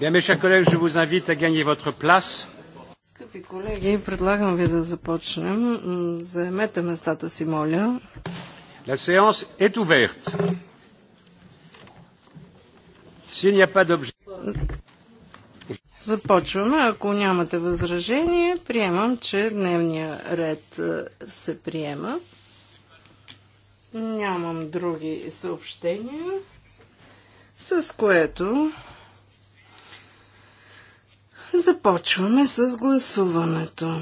Bien, mes chers collègues, je vous invite à gagner votre place. Скъпи колеги, предлагам ви да започнем. Заемете местата си, моля. La séance est ouverte. S'il n'y a pas d'objet... Започваме. Ако нямате възражение, приемам, че дневния ред е, се приема. Нямам други съобщения, с което Започваме с гласуването.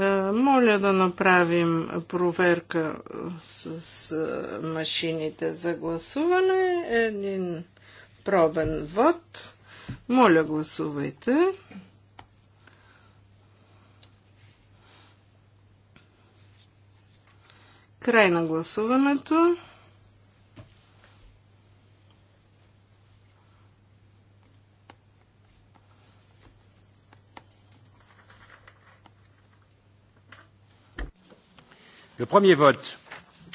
Е, моля да направим проверка с е, машините за гласуване. Един пробен вод. Моля, гласувайте. Край на гласуването. Le premier vote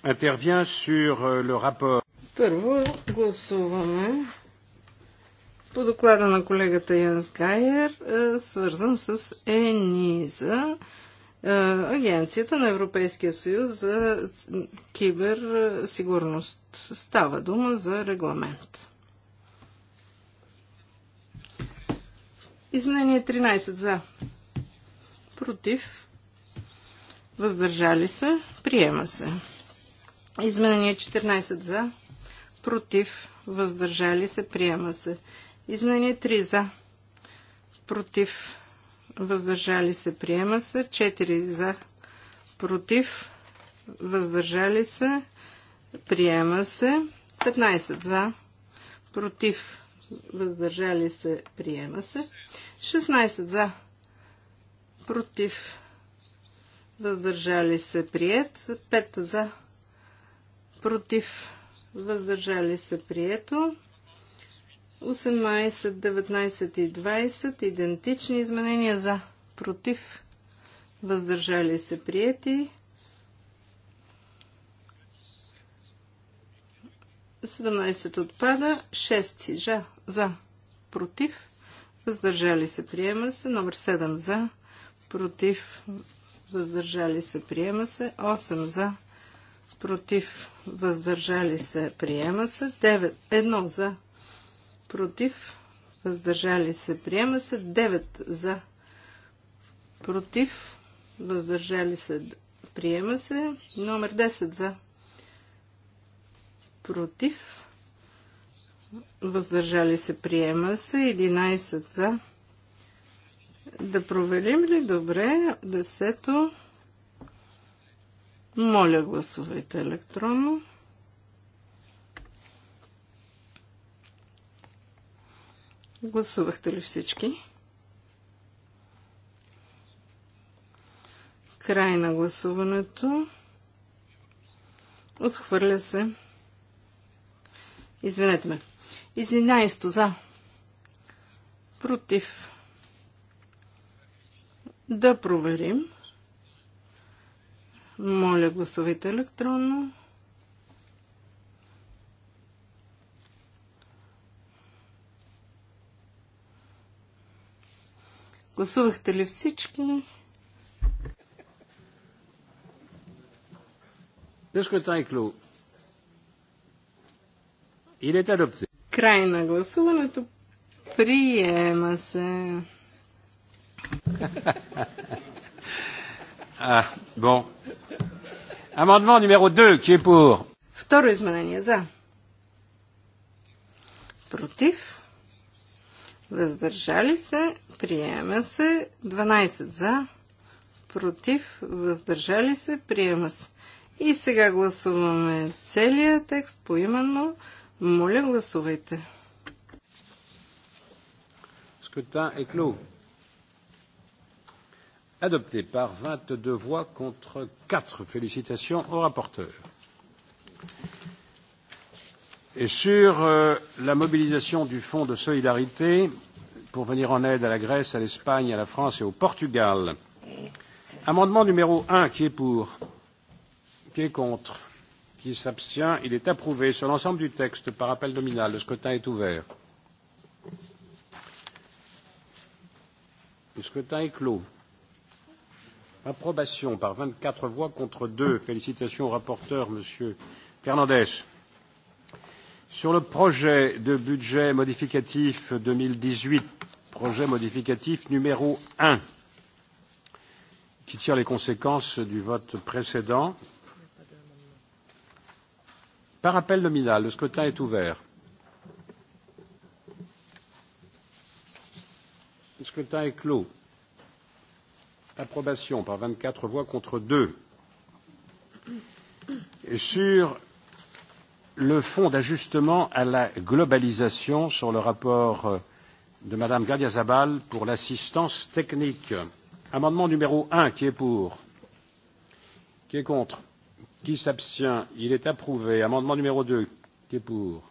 intervient sur euh, le rapport. Първо гласуваме по доклада на колегата Янс Гайер, е, свързан с ЕНИЗА, е, Агенцията на Европейския съюз за киберсигурност. Е, Става дума за регламент. Изменение 13 за. Против въздържали се, приема се. Изменение 14 за, против, въздържали се, приема се. Изменение 3 за, против, въздържали се, приема се. 4 за, против, въздържали се, приема се. 15 за, против, въздържали се, приема се. 16 за, против, въздържали се прият, 5 за, против, въздържали се прието, 18, 19 и 20 идентични изменения за, против, въздържали се прияти. 17 отпада, 6 жа, за, против, въздържали се приема се, номер 7 за, против, въздържали се, приема се. 8 за, против, въздържали се, приема се. 9, 1 за, против, въздържали се, приема се. 9 за, против, въздържали се, приема се. Номер 10 за, против, въздържали се, приема се. 11 за, против, да провелим ли? Добре. Десето. Моля, гласувайте електронно. Гласувахте ли всички? Край на гласуването. Отхвърля се. Извинете ме. 11 за. Против. Да проверим. Моля, гласовете електронно. Гласувахте ли всички? Край на гласуването. Приема се. А, Амандмент номеро 2, qui est pour? Второ изменение за. Против. Въздържали се. Приема се. 12 за. Против. Въздържали се. Приема се. И сега гласуваме целият текст поименно. Моля, гласувайте. Скута е клуб adopté par vingt deux voix contre quatre. Félicitations au rapporteur. Et sur la mobilisation du Fonds de solidarité pour venir en aide à la Grèce, à l'Espagne, à la France et au Portugal. Amendement numéro un, qui est pour Qui est contre Qui s'abstient Il est approuvé sur l'ensemble du texte par appel nominal. Le scrutin est ouvert. Le scrutin est clos. Approbation par 24 voix contre 2. Félicitations au rapporteur, Monsieur Fernandez. Sur le projet de budget modificatif 2018, projet modificatif numéro 1, qui tire les conséquences du vote précédent, par appel nominal, le scrutin est ouvert. Le scrutin est clos. Approbation par 24 voix contre 2. Sur le fonds d'ajustement à la globalisation, sur le rapport de Madame Gadiazabal pour l'assistance technique. Amendement numéro 1, qui est pour Qui est contre Qui s'abstient Il est approuvé. Amendement numéro 2, qui est pour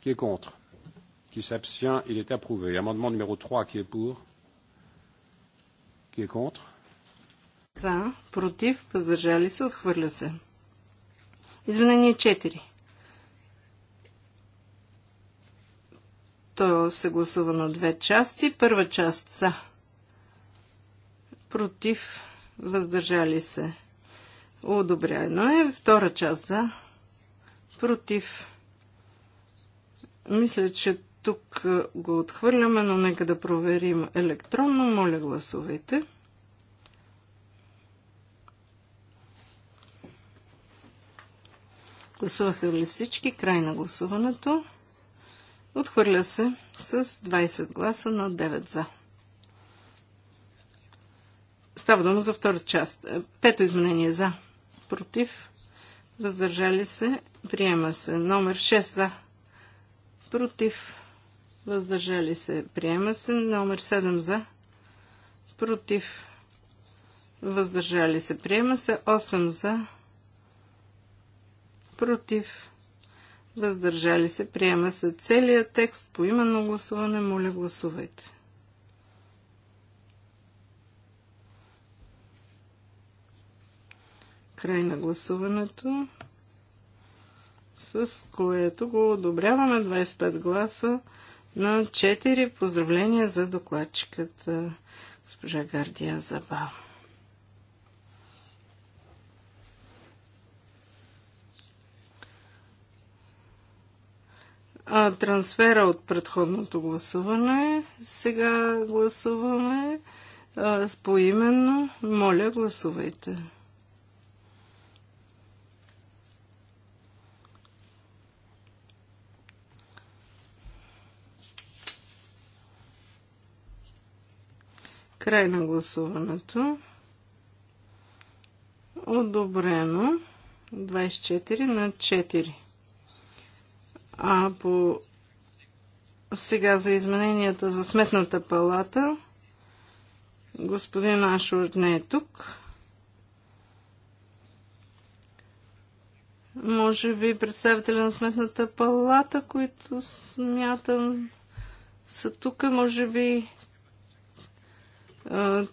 Qui est contre Qui s'abstient Il est approuvé. Amendement numéro 3, qui est pour Qui est contre? За, против, въздържали се, отхвърля се. Изменение 4. То се гласува на две части. Първа част са против, въздържали се. Одобряено е. Втора част за против. Мисля, че тук го отхвърляме, но нека да проверим електронно. Моля, гласувайте. Гласуваха ли всички? Край на гласуването. Отхвърля се с 20 гласа на 9 за. Става дума за втора част. Е, пето изменение за. Против. Въздържали се. Приема се. Номер 6 за. Против въздържали се, приема се. Номер 7 за, против, въздържали се, приема се. 8 за, против, въздържали се, приема се. Целият текст по именно гласуване, моля гласувайте. край на гласуването, с което го одобряваме 25 гласа на 4. Поздравления за докладчиката госпожа Гардия Заба. а, трансфера от предходното гласуване. Сега гласуваме а, поименно. Моля, гласувайте. Край на гласуването. Одобрено. 24 на 4. А по сега за измененията за сметната палата. Господин Ашурт не е тук. Може би представители на сметната палата, които смятам са тук. Може би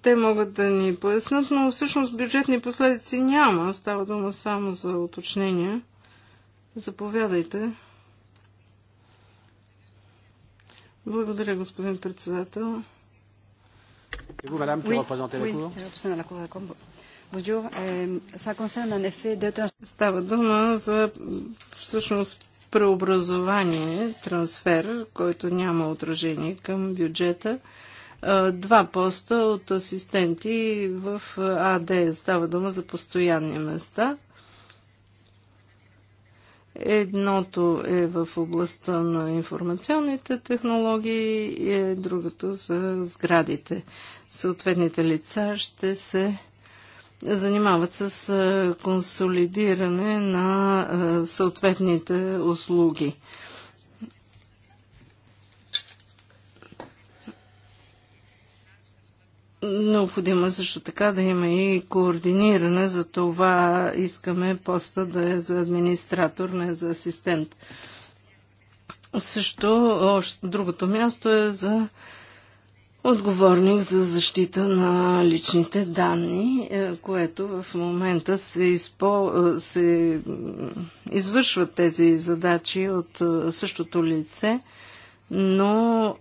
те могат да ни пояснат, но всъщност бюджетни последици няма. Става дума само за уточнения. Заповядайте. Благодаря, господин председател. Euh, Става дума за всъщност преобразование, трансфер, който няма отражение към бюджета два поста от асистенти в АД. Става дума за постоянни места. Едното е в областта на информационните технологии, и е другото за сградите. Съответните лица ще се занимават с консолидиране на съответните услуги. Необходимо е също така да има и координиране, за това искаме поста да е за администратор, не за асистент. Също другото място е за отговорник за защита на личните данни, е, което в момента се, изпо... Е, се извършват тези задачи от същото лице, но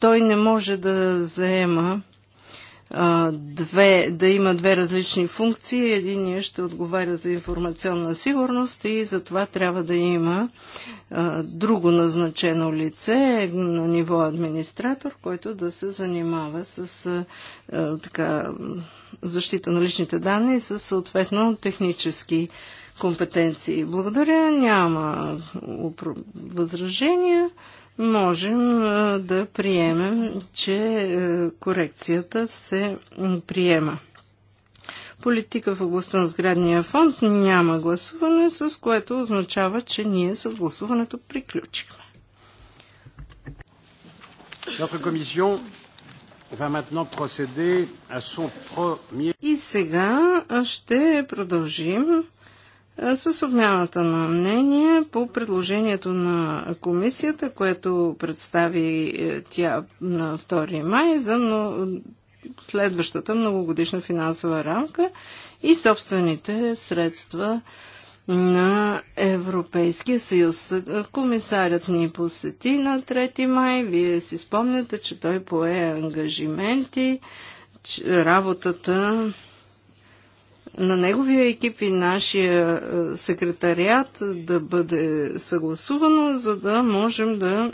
той не може да заема две, да има две различни функции. Единия ще отговаря за информационна сигурност и за това трябва да има а, друго назначено лице на ниво администратор, който да се занимава с а, така, защита на личните данни и с съответно технически компетенции. Благодаря, няма възражения можем да приемем, че корекцията се приема. Политика в областта на сградния фонд няма гласуване, с което означава, че ние с гласуването приключихме. И сега ще продължим е, с обмяната на мнение по предложението на комисията, което представи е, тя на 2 май за следващата многогодишна финансова рамка и собствените средства на Европейския съюз. Комисарят ни посети на 3 май. Вие си спомняте, че той пое ангажименти, че работата на неговия екип и нашия е, секретариат да бъде съгласувано, за да можем да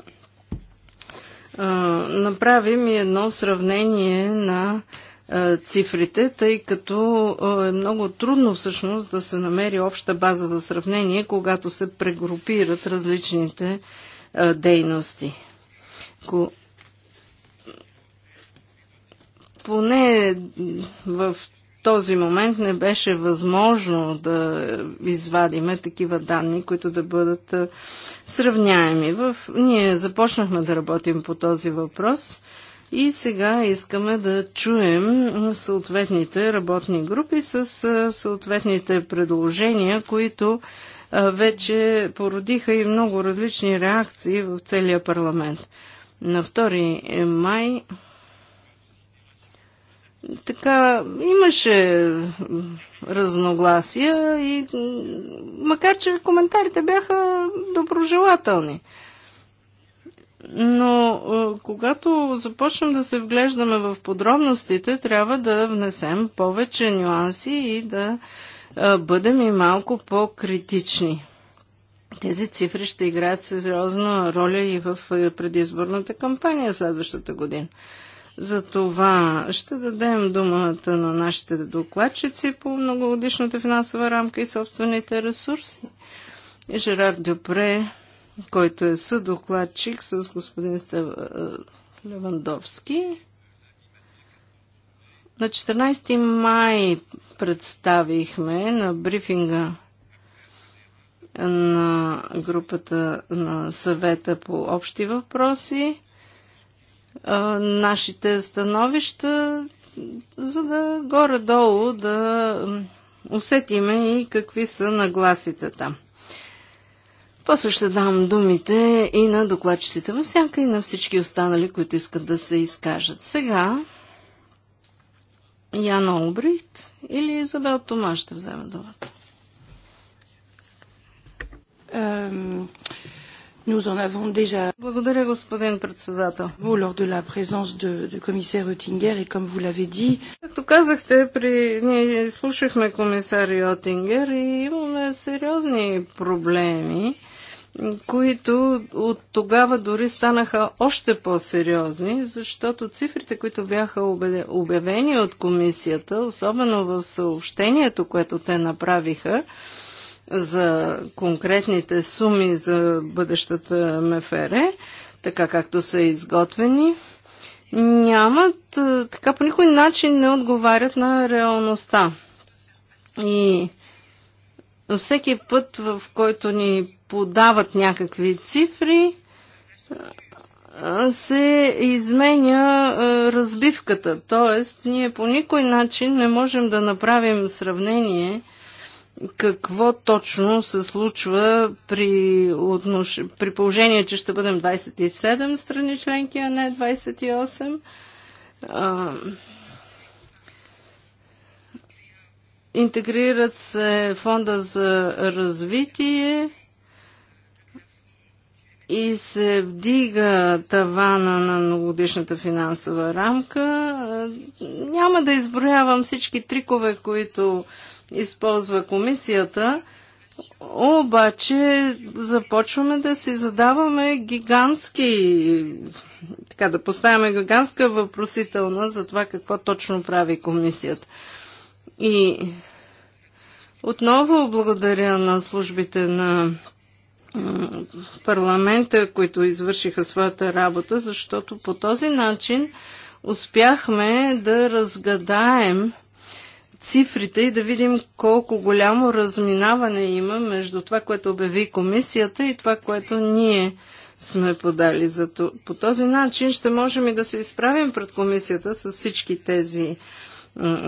а, е, направим и едно сравнение на а, е, цифрите, тъй като а, е много трудно всъщност да се намери обща база за сравнение, когато се прегрупират различните а, дейности. Ко... Поне в този момент не беше възможно да извадиме такива данни, които да бъдат сравняеми. В... Ние започнахме да работим по този въпрос и сега искаме да чуем съответните работни групи с съответните предложения, които вече породиха и много различни реакции в целия парламент. На 2 май така, имаше разногласия и макар, че коментарите бяха доброжелателни. Но е, когато започнем да се вглеждаме в подробностите, трябва да внесем повече нюанси и да е, бъдем и малко по-критични. Тези цифри ще играят сериозна роля и в предизборната кампания следващата година. За това ще дадем думата на нашите докладчици по многогодишната финансова рамка и собствените ресурси. Жерар Дюпре, който е съдокладчик с господин Стев... Е, Левандовски. На 14 май представихме на брифинга на групата на съвета по общи въпроси нашите становища, за да горе-долу да усетиме и какви са нагласите там. После ще дам думите и на докладчиците във сянка и на всички останали, които искат да се изкажат. Сега Яна Обрит или Изабел Тома ще вземе думата. Um, Nous en avons déjà... Благодаря, господин председател. Lors de la présence de, de commissaire Oettinger, et comme vous l'avez dit... Както казахте, при... ние слушахме комисар Йотингер и имаме сериозни проблеми, които от тогава дори станаха още по-сериозни, защото цифрите, които бяха обявени от комисията, особено в съобщението, което те направиха, за конкретните суми за бъдещата МФР, така както са изготвени, нямат, е, така по никой начин не отговарят на реалността. И всеки път, в който ни подават някакви цифри, е, се изменя е, разбивката. Тоест, ние по никой начин не можем да направим сравнение какво точно се случва при, отнош... при положение, че ще бъдем 27 страни членки, а не 28. А... Интегрират се фонда за развитие и се вдига тавана на многодишната финансова рамка. Няма да изброявам всички трикове, които използва комисията, обаче започваме да си задаваме гигантски, така да поставяме гигантска въпросителна за това какво точно прави комисията. И отново благодаря на службите на парламента, които извършиха своята работа, защото по този начин успяхме да разгадаем цифрите и да видим колко голямо разминаване има между това, което обяви комисията и това, което ние сме подали. Зато По този начин ще можем и да се изправим пред комисията с всички тези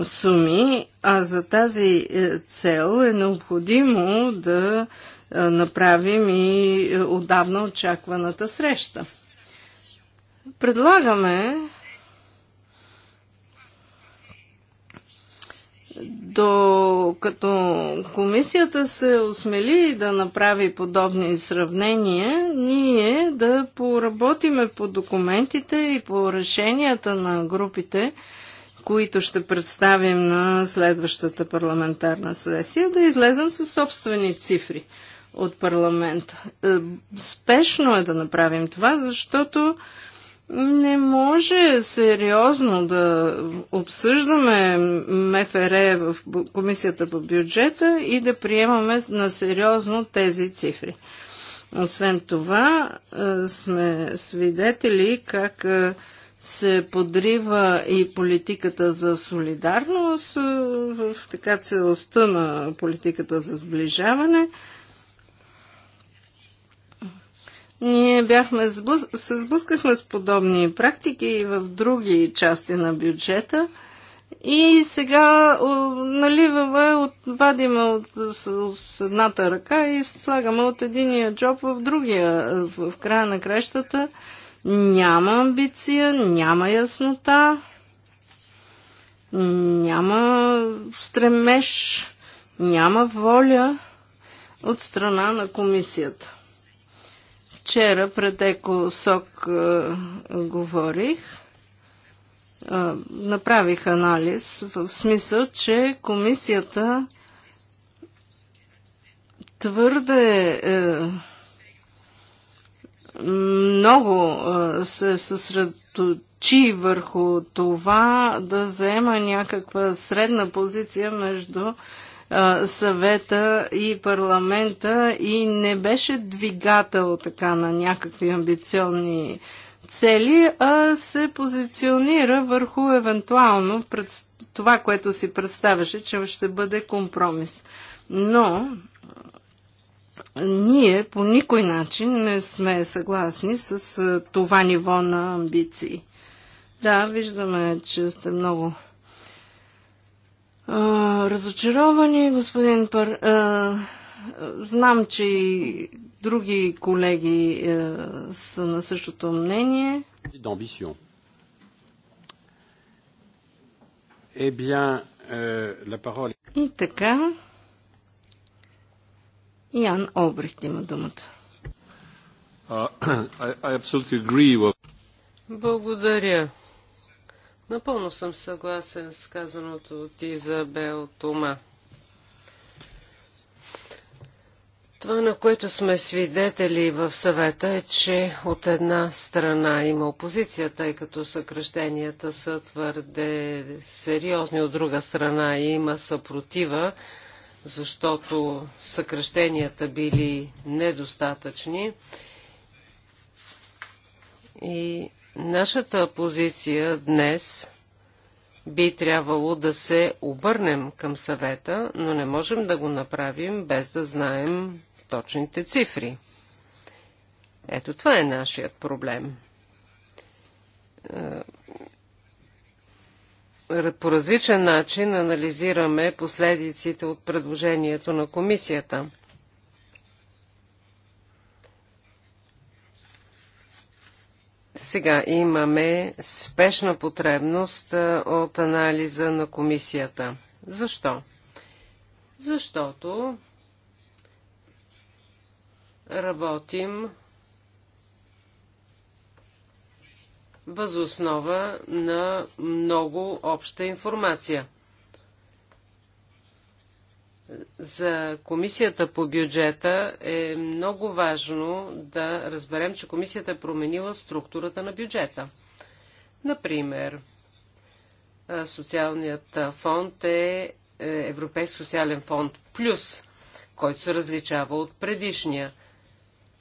суми, а за тази е, цел е необходимо да е, направим и е, отдавна очакваната среща. Предлагаме Докато комисията се осмели да направи подобни сравнения, ние да поработиме по документите и по решенията на групите, които ще представим на следващата парламентарна сесия, да излезем със собствени цифри от парламента. Е, спешно е да направим това, защото не може сериозно да обсъждаме МФР в Комисията по бюджета и да приемаме на сериозно тези цифри. Освен това, сме свидетели как се подрива и политиката за солидарност в така целостта на политиката за сближаване – ние бяхме сблъс... се сблъскахме с подобни практики и в други части на бюджета. И сега наливаме, от, вадиме от, с, с едната ръка и слагаме от единия джоб в другия. В, в края на крещата няма амбиция, няма яснота, няма стремеж, няма воля от страна на комисията. Вчера пред ЕКОСОК е, говорих, е, направих анализ в смисъл, че комисията твърде е, много е, се съсредоточи върху това да заема някаква средна позиция между съвета и парламента и не беше двигател така на някакви амбиционни цели, а се позиционира върху евентуално пред... това, което си представяше, че ще бъде компромис. Но ние по никой начин не сме съгласни с това ниво на амбиции. Да, виждаме, че сте много разочаровани. Господин Пар... А, знам, че и други колеги а, са на същото мнение. D'ambition. Eh bien, euh, la parole... И така, Ян Обрехт има думата. Uh, I, I with... Благодаря. Напълно съм съгласен с казаното от Изабел Тома. Това, на което сме свидетели в съвета е, че от една страна има опозиция, тъй като съкръщенията са твърде сериозни, от друга страна има съпротива, защото съкръщенията били недостатъчни. И Нашата позиция днес би трябвало да се обърнем към съвета, но не можем да го направим без да знаем точните цифри. Ето това е нашият проблем. Е, по различен начин анализираме последиците от предложението на комисията – Сега имаме спешна потребност от анализа на комисията. Защо? Защото работим възоснова на много обща информация за комисията по бюджета е много важно да разберем, че комисията е променила структурата на бюджета. Например, социалният фонд е, е Европейски социален фонд плюс, който се различава от предишния.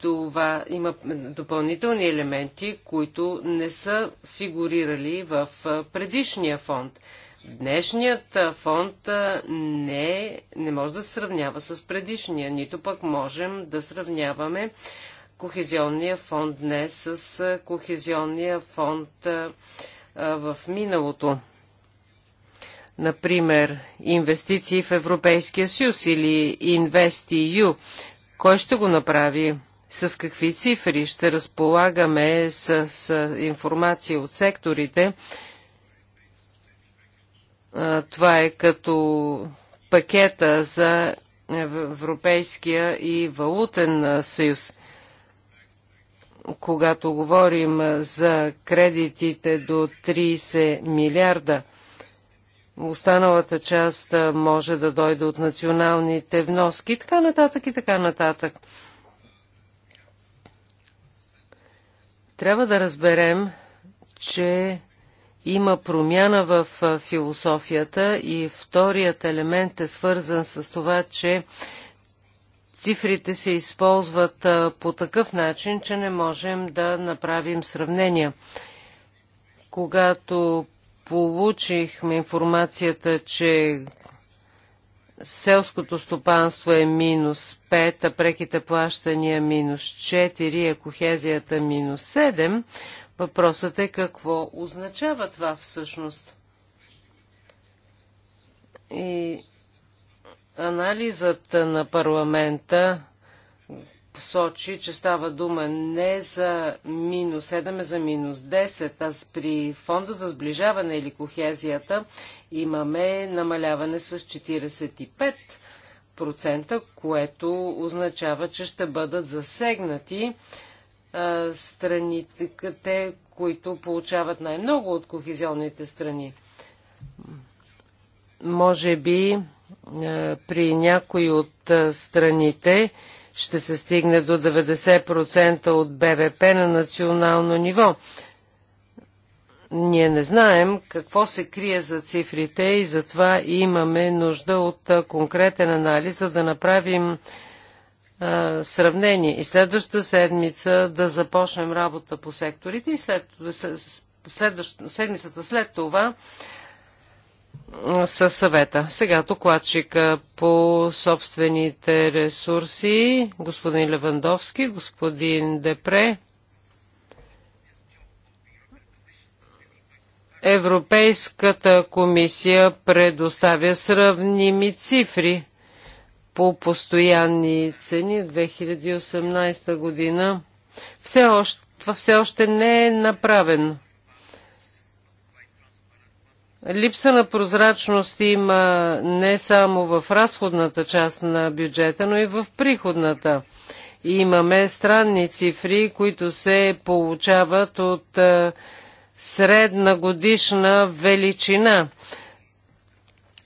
Това има допълнителни елементи, които не са фигурирали в предишния фонд. Днешният фонд не, не може да се сравнява с предишния, нито пък можем да сравняваме Кохезионния фонд днес с Кохезионния фонд в миналото. Например, инвестиции в Европейския съюз или InvestEU. Кой ще го направи? С какви цифри ще разполагаме с информация от секторите? Това е като пакета за Европейския и валутен съюз. Когато говорим за кредитите до 30 милиарда, останалата част може да дойде от националните вноски и така нататък и така нататък. Трябва да разберем, че има промяна в философията и вторият елемент е свързан с това, че цифрите се използват по такъв начин, че не можем да направим сравнения. Когато получихме информацията, че селското стопанство е минус 5, а преките плащания минус 4, а кохезията минус 7, Въпросът е какво означава това всъщност. И анализът на парламента сочи, че става дума не за минус 7, а за минус 10. Аз при фонда за сближаване или кохезията имаме намаляване с 45%, което означава, че ще бъдат засегнати страните, които получават най-много от кохизионните страни. Може би при някои от страните ще се стигне до 90% от БВП на национално ниво. Ние не знаем какво се крие за цифрите и затова имаме нужда от конкретен анализ, за да направим сравнение и следващата седмица да започнем работа по секторите и след, следващ, седмицата след това със съвета. Сега докладчика по собствените ресурси, господин Левандовски, господин Депре, Европейската комисия предоставя сравними цифри – по постоянни цени с 2018 година. Все още, това все още не е направено. Липса на прозрачност има не само в разходната част на бюджета, но и в приходната. Имаме странни цифри, които се получават от е, средна годишна величина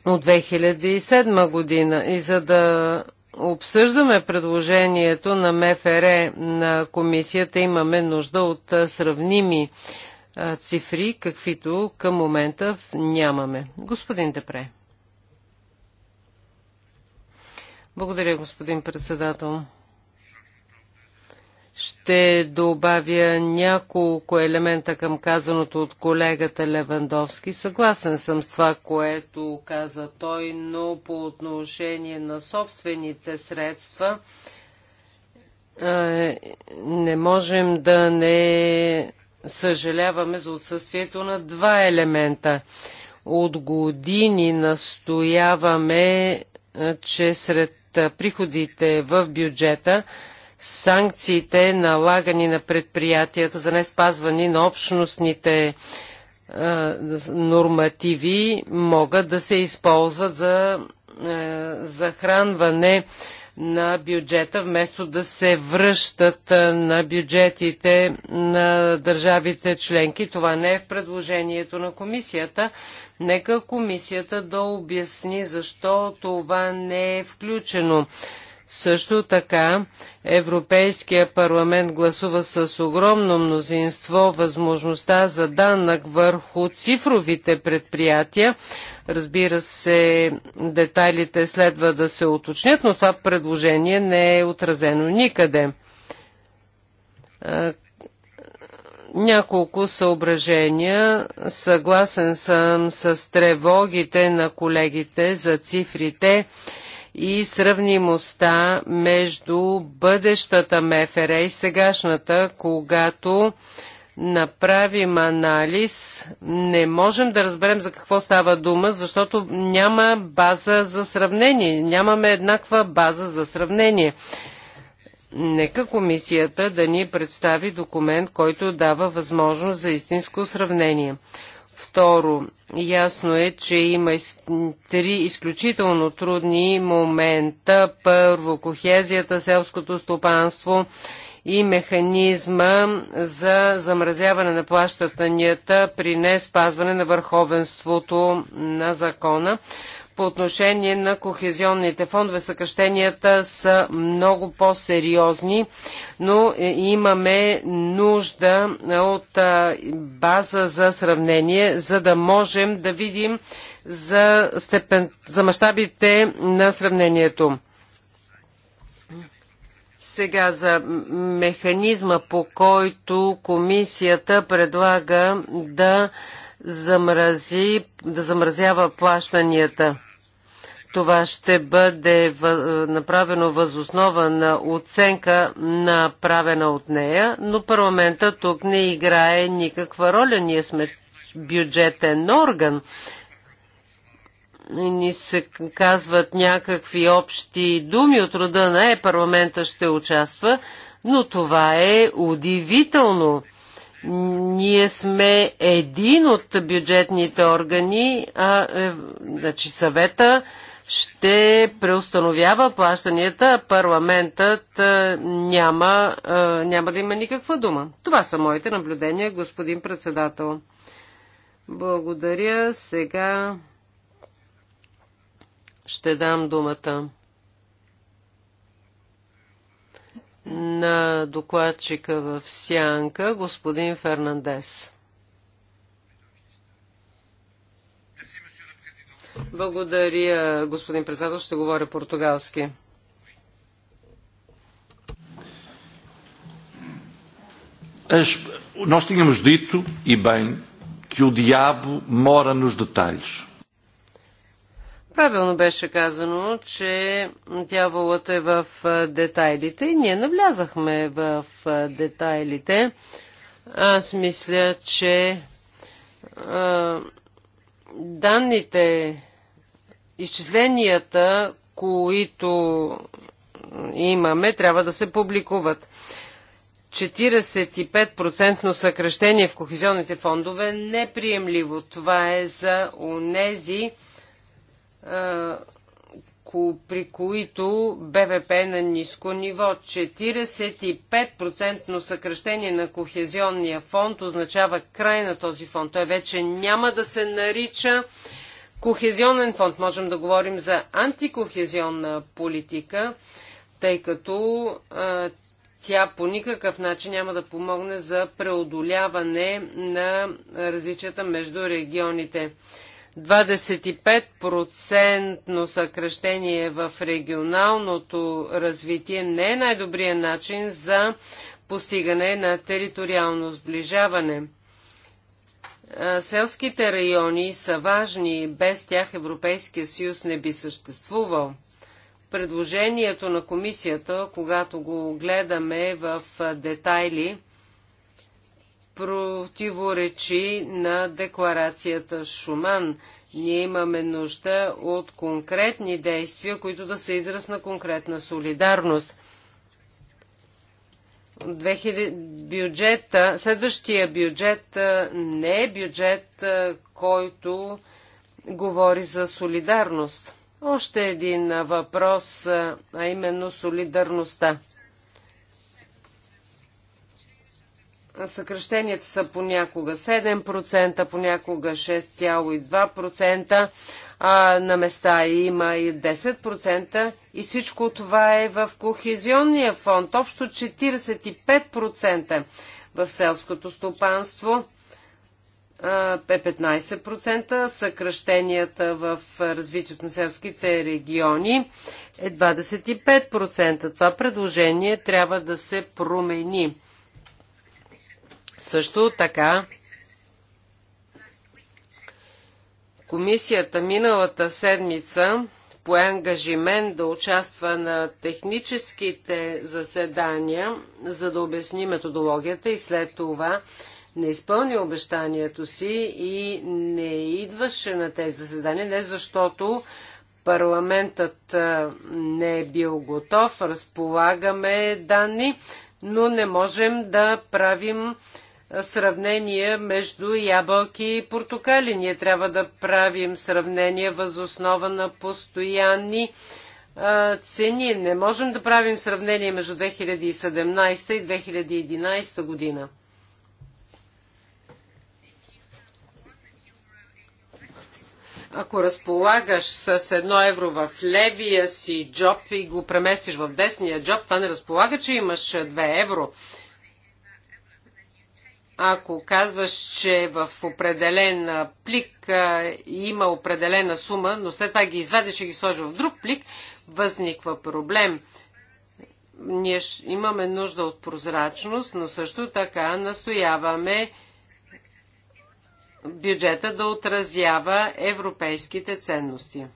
от 2007 година. И за да обсъждаме предложението на МФР на комисията, имаме нужда от сравними цифри, каквито към момента нямаме. Господин Депре. Благодаря, господин председател. Ще добавя няколко елемента към казаното от колегата Левандовски. Съгласен съм с това, което каза той, но по отношение на собствените средства е, не можем да не съжаляваме за отсъствието на два елемента. От години настояваме, е, че сред приходите в бюджета – санкциите налагани на предприятията за не спазвани на общностните е, нормативи могат да се използват за е, захранване на бюджета, вместо да се връщат е, на бюджетите на държавите членки. Това не е в предложението на комисията. Нека комисията да обясни защо това не е включено. Също така Европейския парламент гласува с огромно мнозинство възможността за данък върху цифровите предприятия. Разбира се, детайлите следва да се уточнят, но това предложение не е отразено никъде. Няколко съображения. Съгласен съм с тревогите на колегите за цифрите и сравнимостта между бъдещата МФР и сегашната, когато направим анализ, не можем да разберем за какво става дума, защото няма база за сравнение. Нямаме еднаква база за сравнение. Нека комисията да ни представи документ, който дава възможност за истинско сравнение. Второ, ясно е, че има три изключително трудни момента. Първо, кохезията, селското стопанство и механизма за замразяване на плащатанията при не спазване на върховенството на закона по отношение на кохезионните фондове. Съкръщенията са много по-сериозни, но е, имаме нужда от база за сравнение, за да можем да видим за, степен, за мащабите на сравнението. Сега за механизма, по който комисията предлага да замрази, да замразява плащанията. Това ще бъде направено възоснова на оценка направена от нея, но парламента тук не играе никаква роля. Ние сме бюджетен орган. И ни се казват някакви общи думи от рода на е, парламента ще участва, но това е удивително. Ние сме един от бюджетните органи, а, е, значи съвета ще преустановява плащанията, а парламентът няма, няма да има никаква дума. Това са моите наблюдения, господин председател. Благодаря. Сега ще дам думата на докладчика в Сянка, господин Фернандес. Благодаря, господин председател. Ще говоря португалски. nós tínhamos dito, e bem, que o diabo mora nos detalhes. Правилно беше казано, че дяволът е в детайлите и ние навлязахме в детайлите. Аз мисля, че а, данните, изчисленията, които имаме, трябва да се публикуват. 45% съкръщение в кохезионните фондове е неприемливо. Това е за унези при които БВП е на ниско ниво. 45% съкръщение на Кохезионния фонд означава край на този фонд. Той вече няма да се нарича Кохезионен фонд. Можем да говорим за антикохезионна политика, тъй като а, тя по никакъв начин няма да помогне за преодоляване на различията между регионите. 25% съкръщение в регионалното развитие не е най-добрият начин за постигане на териториално сближаване. Селските райони са важни, без тях Европейския съюз не би съществувал. Предложението на комисията, когато го гледаме в детайли, противоречи на декларацията Шуман. Ние имаме нужда от конкретни действия, които да са израз на конкретна солидарност. 2000, бюджета, следващия бюджет не е бюджет, който говори за солидарност. Още един въпрос, а именно солидарността. съкръщенията са понякога 7%, понякога 6,2%, а на места има и 10% и всичко това е в кохезионния фонд, общо 45% в селското стопанство е 15%, съкръщенията в развитието на селските региони е 25%. Това предложение трябва да се промени. Също така, комисията миналата седмица по ангажимент да участва на техническите заседания, за да обясни методологията и след това не изпълни обещанието си и не идваше на тези заседания, не защото парламентът не е бил готов, разполагаме данни, но не можем да правим сравнение между ябълки и портокали. Ние трябва да правим сравнение възоснова на постоянни цени. Не можем да правим сравнение между 2017 и 2011 година. Ако разполагаш с едно евро в левия си джоб и го преместиш в десния джоб, това не разполага, че имаш 2 евро. Ако казваш, че в определен плик има определена сума, но след това ги извадиш и ги сложиш в друг плик, възниква проблем ние имаме нужда от прозрачност, но също така настояваме бюджета да отразява европейските ценности.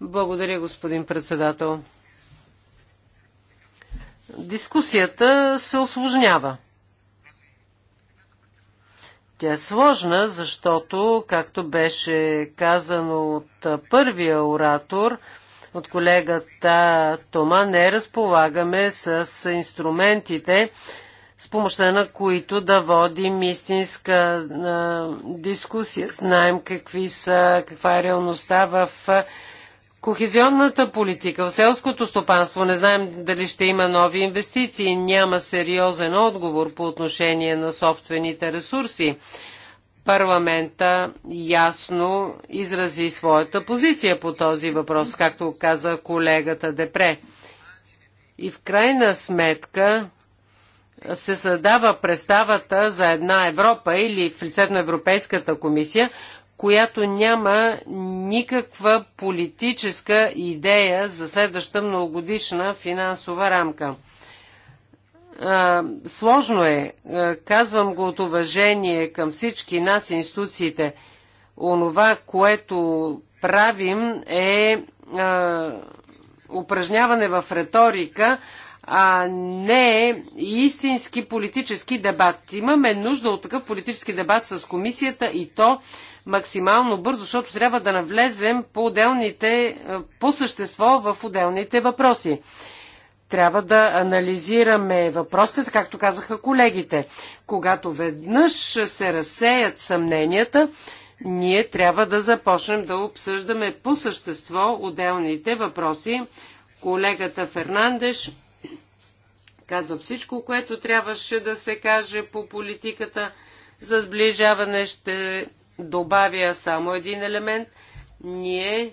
Благодаря, господин председател дискусията се осложнява. Тя е сложна, защото, както беше казано от първия оратор, от колегата Тома, не разполагаме с инструментите, с помощта на които да водим истинска а, дискусия. Знаем какви са, каква е реалността в Кохезионната политика в селското стопанство, не знаем дали ще има нови инвестиции, няма сериозен отговор по отношение на собствените ресурси. Парламента ясно изрази своята позиция по този въпрос, както каза колегата Депре. И в крайна сметка се създава представата за една Европа или в лицето на Европейската комисия, която няма никаква политическа идея за следваща многогодишна финансова рамка. Сложно е, казвам го от уважение към всички нас, институциите. Онова, което правим е упражняване в риторика, а не истински политически дебат. Имаме нужда от такъв политически дебат с комисията и то максимално бързо, защото трябва да навлезем по отделните, е, по същество в отделните въпроси. Трябва да анализираме въпросите, както казаха колегите. Когато веднъж се разсеят съмненията, ние трябва да започнем да обсъждаме по същество отделните въпроси. Колегата Фернандеш каза всичко, което трябваше да се каже по политиката за сближаване. Ще добавя само един елемент. Ние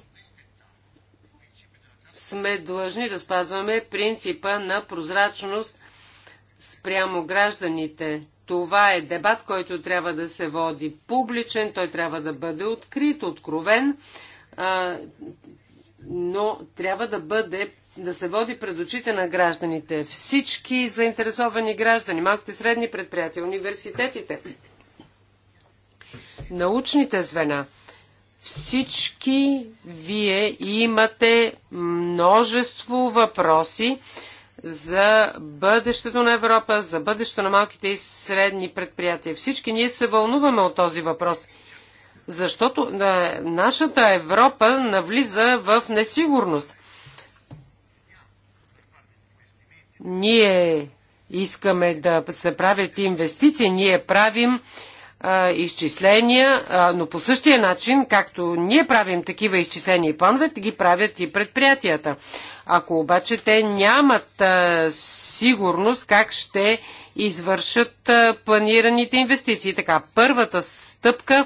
сме длъжни да спазваме принципа на прозрачност спрямо гражданите. Това е дебат, който трябва да се води публичен, той трябва да бъде открит, откровен, а, но трябва да бъде да се води пред очите на гражданите. Всички заинтересовани граждани, малките средни предприятия, университетите, научните звена. Всички вие имате множество въпроси за бъдещето на Европа, за бъдещето на малките и средни предприятия. Всички ние се вълнуваме от този въпрос, защото е, нашата Европа навлиза в несигурност. Ние искаме да се правят инвестиции, ние правим а, изчисления, а, но по същия начин, както ние правим такива изчисления и планове, ги правят и предприятията. Ако обаче те нямат а, сигурност как ще извършат а, планираните инвестиции. Така, първата стъпка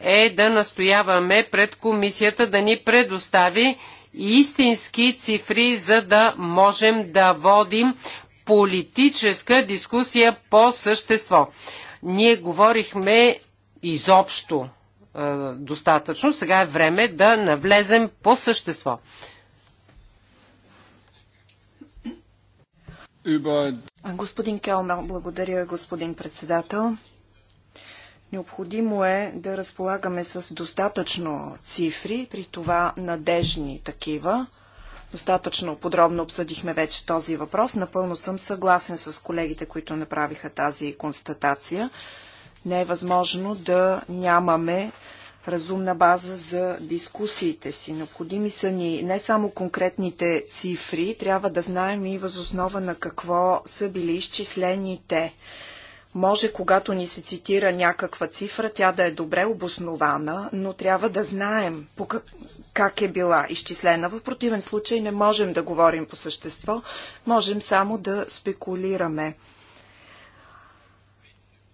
е да настояваме пред комисията да ни предостави истински цифри, за да можем да водим политическа дискусия по същество. Ние говорихме изобщо е, достатъчно. Сега е време да навлезем по същество. Господин Келмер, благодаря, господин председател. Необходимо е да разполагаме с достатъчно цифри, при това надежни такива. Достатъчно подробно обсъдихме вече този въпрос. Напълно съм съгласен с колегите, които направиха тази констатация. Не е възможно да нямаме разумна база за дискусиите си. Необходими са ни не само конкретните цифри, трябва да знаем и възоснова на какво са били изчислени те. Може, когато ни се цитира някаква цифра, тя да е добре обоснована, но трябва да знаем по как, как е била изчислена. В противен случай не можем да говорим по същество, можем само да спекулираме.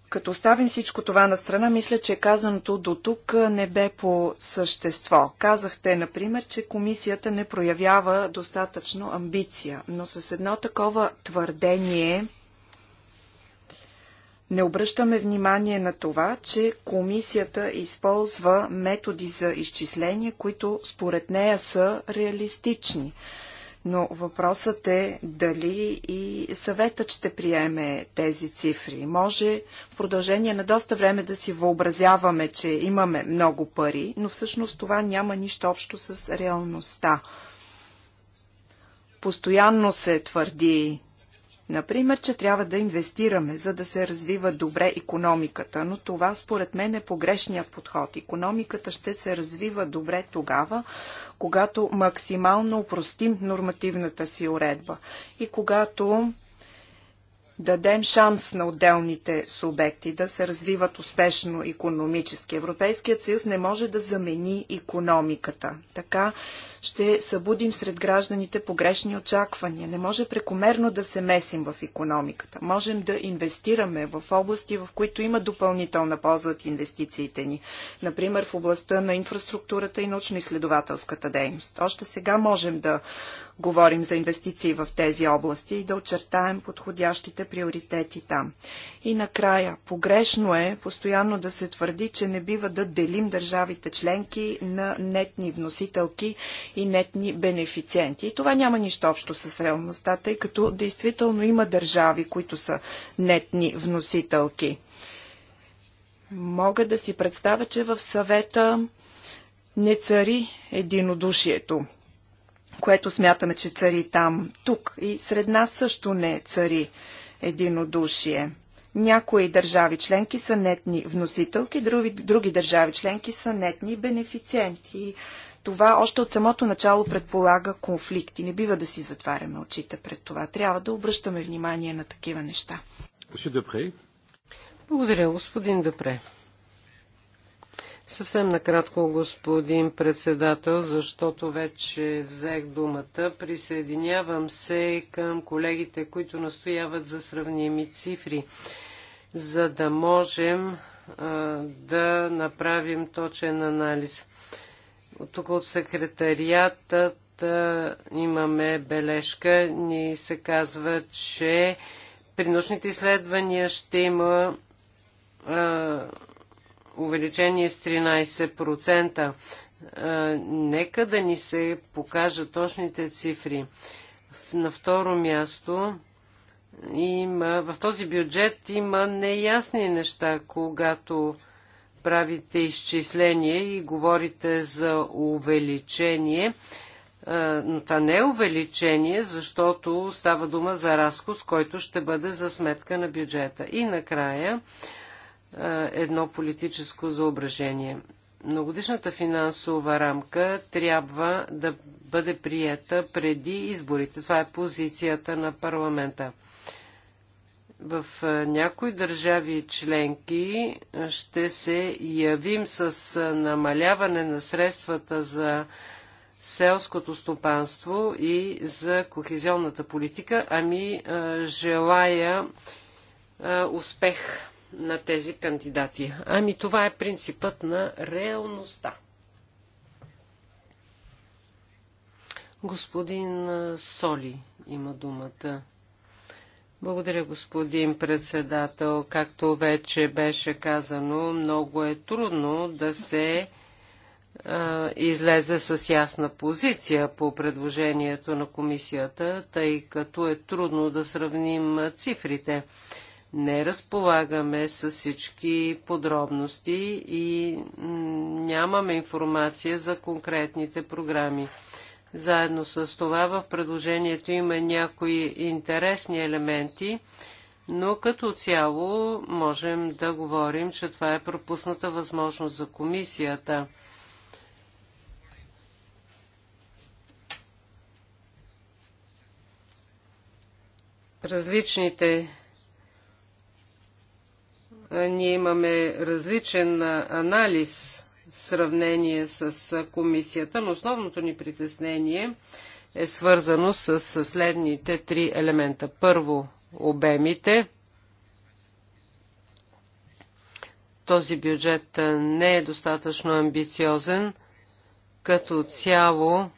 Като оставим всичко това на страна, мисля, че казаното до тук не бе по същество. Казахте, например, че комисията не проявява достатъчно амбиция, но с едно такова твърдение не обръщаме внимание на това, че комисията използва методи за изчисление, които според нея са реалистични. Но въпросът е дали и съветът ще приеме тези цифри. Може в продължение на доста време да си въобразяваме, че имаме много пари, но всъщност това няма нищо общо с реалността. Постоянно се твърди Например, че трябва да инвестираме, за да се развива добре економиката, но това според мен е погрешният подход. Економиката ще се развива добре тогава, когато максимално упростим нормативната си уредба и когато дадем шанс на отделните субекти да се развиват успешно економически. Европейският съюз не може да замени економиката. Така ще събудим сред гражданите погрешни очаквания. Не може прекомерно да се месим в економиката. Можем да инвестираме в области, в които има допълнителна полза от инвестициите ни. Например, в областта на инфраструктурата и научно-изследователската дейност. Още сега можем да говорим за инвестиции в тези области и да очертаем подходящите приоритети там. И накрая, погрешно е постоянно да се твърди, че не бива да делим държавите членки на нетни вносителки и нетни бенефициенти. И това няма нищо общо с реалността, тъй като действително има държави, които са нетни вносителки. Мога да си представя, че в съвета не цари единодушието, което смятаме, че цари там, тук. И сред нас също не цари единодушие. Някои държави членки са нетни вносителки, други, други държави членки са нетни бенефициенти това още от самото начало предполага конфликт и Не бива да си затваряме очите пред това. Трябва да обръщаме внимание на такива неща. Благодаря, господин Депре. Съвсем накратко, господин председател, защото вече взех думата. Присъединявам се към колегите, които настояват за сравними цифри, за да можем а, да направим точен анализ. Тук от секретариатът имаме бележка. Ни се казва, че при научните изследвания ще има а, увеличение с 13%. А, нека да ни се покажат точните цифри. На второ място има, в този бюджет има неясни неща, когато правите изчисление и говорите за увеличение, но това не е увеличение, защото става дума за разход, който ще бъде за сметка на бюджета. И накрая едно политическо заображение. Многодишната финансова рамка трябва да бъде приета преди изборите. Това е позицията на парламента в някои държави членки ще се явим с намаляване на средствата за селското стопанство и за кохезионната политика. Ами желая успех на тези кандидати. Ами това е принципът на реалността. Господин Соли има думата. Благодаря, господин председател. Както вече беше казано, много е трудно да се а, излезе с ясна позиция по предложението на комисията, тъй като е трудно да сравним цифрите. Не разполагаме с всички подробности и нямаме информация за конкретните програми. Заедно с това в предложението има някои интересни елементи, но като цяло можем да говорим, че това е пропусната възможност за комисията. различните. Ние имаме различен анализ в сравнение с комисията, но основното ни притеснение е свързано с следните три елемента. Първо, обемите. Този бюджет не е достатъчно амбициозен. Като цяло,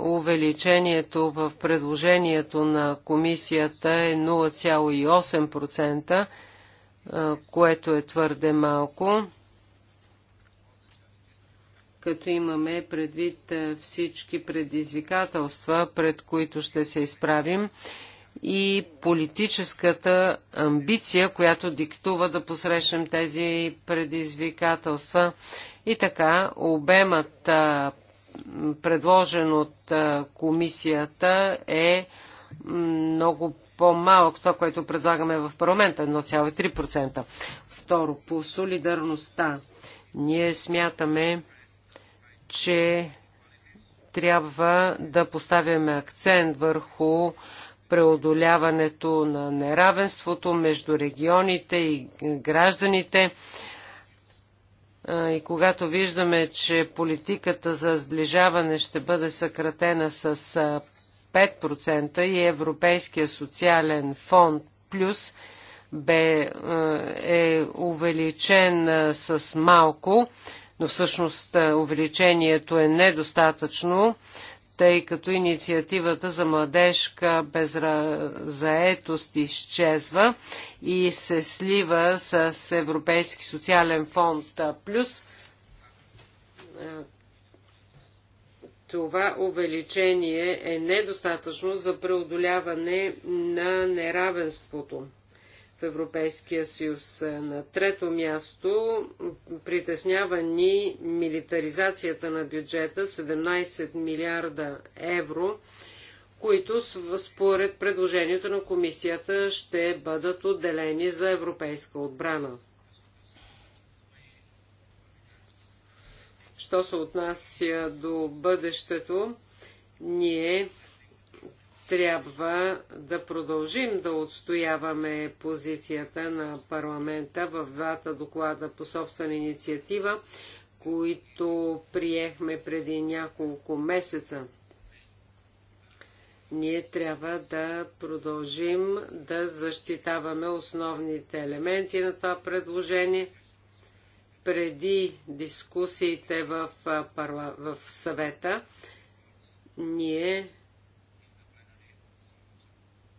увеличението в предложението на комисията е 0,8%, което е твърде малко като имаме предвид е, всички предизвикателства, пред които ще се изправим и политическата амбиция, която диктува да посрещнем тези предизвикателства. И така, обемът е, предложен от е, комисията е много по-малък това, което предлагаме в парламента 1,3%. Второ, по солидарността. Ние смятаме, че трябва да поставяме акцент върху преодоляването на неравенството между регионите и гражданите. И когато виждаме, че политиката за сближаване ще бъде съкратена с 5% и Европейския социален фонд плюс бе, е увеличен с малко, но всъщност е, увеличението е недостатъчно, тъй като инициативата за младежка беззаетост изчезва и се слива с Европейски социален фонд плюс. Е, това увеличение е недостатъчно за преодоляване на неравенството. Европейския съюз. На трето място притеснява ни милитаризацията на бюджета 17 милиарда евро, които според предложението на комисията ще бъдат отделени за европейска отбрана. Що се отнася до бъдещето, ние трябва да продължим да отстояваме позицията на парламента в двата доклада по собствена инициатива, които приехме преди няколко месеца. Ние трябва да продължим да защитаваме основните елементи на това предложение. Преди дискусиите в, в съвета, ние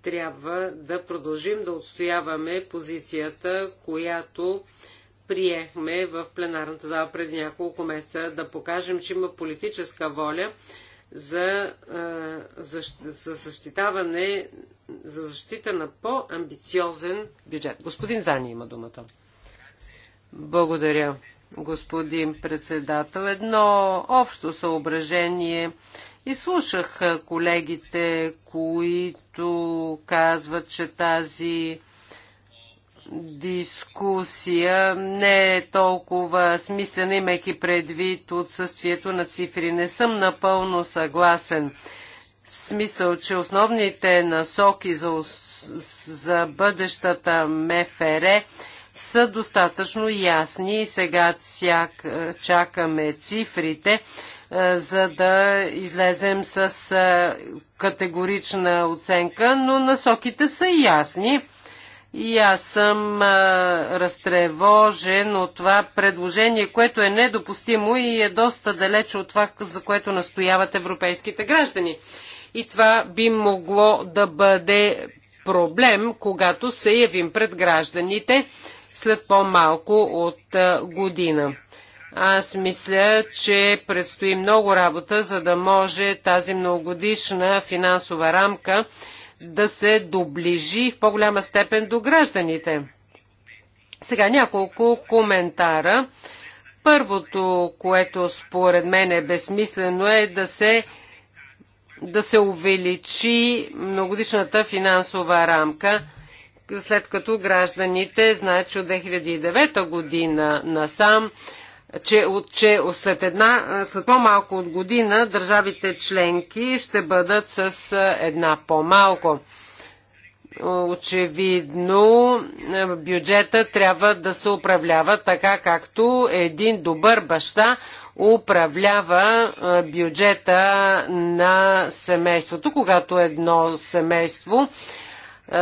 трябва да продължим да отстояваме позицията, която приехме в пленарната зала преди няколко месеца, да покажем, че има политическа воля за, за, за защитаване, за защита на по-амбициозен бюджет. Господин Зани има думата. Благодаря, господин председател. Едно общо съображение и слушах колегите, които казват, че тази дискусия не е толкова смислена, имайки предвид отсъствието на цифри. Не съм напълно съгласен. В смисъл, че основните насоки за, за бъдещата МФР са достатъчно ясни и сега чакаме цифрите е, за да излезем с е, категорична оценка, но насоките са ясни. И аз съм е, разтревожен от това предложение, което е недопустимо и е доста далече от това, за което настояват европейските граждани. И това би могло да бъде проблем, когато се явим пред гражданите след по-малко от година. Аз мисля, че предстои много работа, за да може тази многогодишна финансова рамка да се доближи в по-голяма степен до гражданите. Сега няколко коментара. Първото, което според мен е безсмислено е да се, да се увеличи многодишната финансова рамка, след като гражданите знаят, че от 2009 година насам че, че след, една, след по-малко от година държавите членки ще бъдат с една по-малко. Очевидно бюджета трябва да се управлява така, както един добър баща управлява бюджета на семейството. Когато едно семейство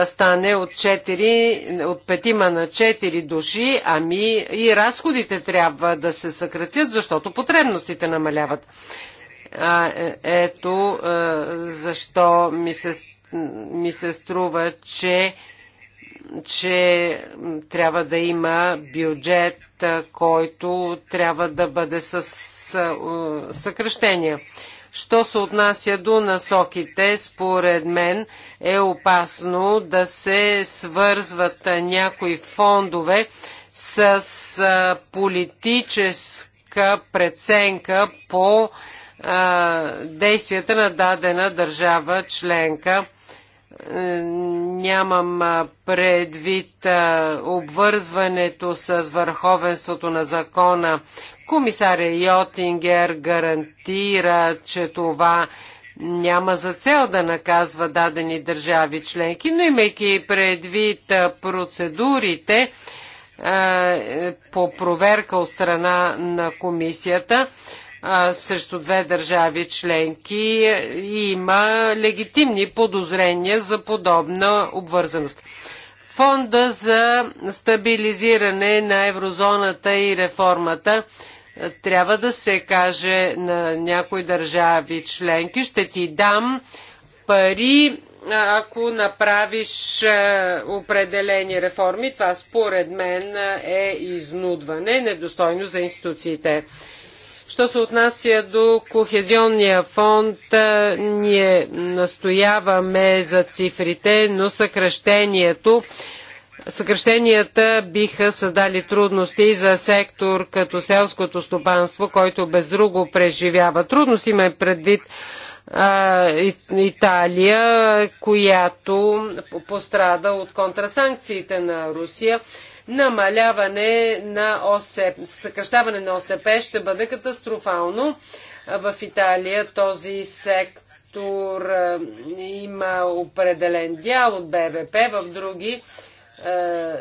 стане от, 4, от петима на 4 души, ами и разходите трябва да се съкратят, защото потребностите намаляват. А, е, ето защо ми се, ми се струва, че, че трябва да има бюджет, който трябва да бъде с съкръщения. Що се отнася до насоките, според мен е опасно да се свързват някои фондове с политическа преценка по а, действията на дадена държава членка. Е, нямам предвид обвързването с върховенството на закона, Комисаря Йотингер гарантира, че това няма за цел да наказва дадени държави членки, но имайки предвид процедурите е, по проверка от страна на комисията, срещу също две държави членки е, има легитимни подозрения за подобна обвързаност. Фонда за стабилизиране на еврозоната и реформата трябва да се каже на някои държави членки, ще ти дам пари, ако направиш определени реформи. Това според мен е изнудване, недостойно за институциите. Що се отнася до Кохезионния фонд, ние настояваме за цифрите, но съкръщението Съкръщенията биха създали трудности за сектор като селското стопанство, който без друго преживява. Трудност има предвид а, и, Италия, която пострада от контрасанкциите на Русия. Намаляване на ОСП, съкръщаване на ОСП ще бъде катастрофално. В Италия този сектор сектор има определен дял от БВП, в други е,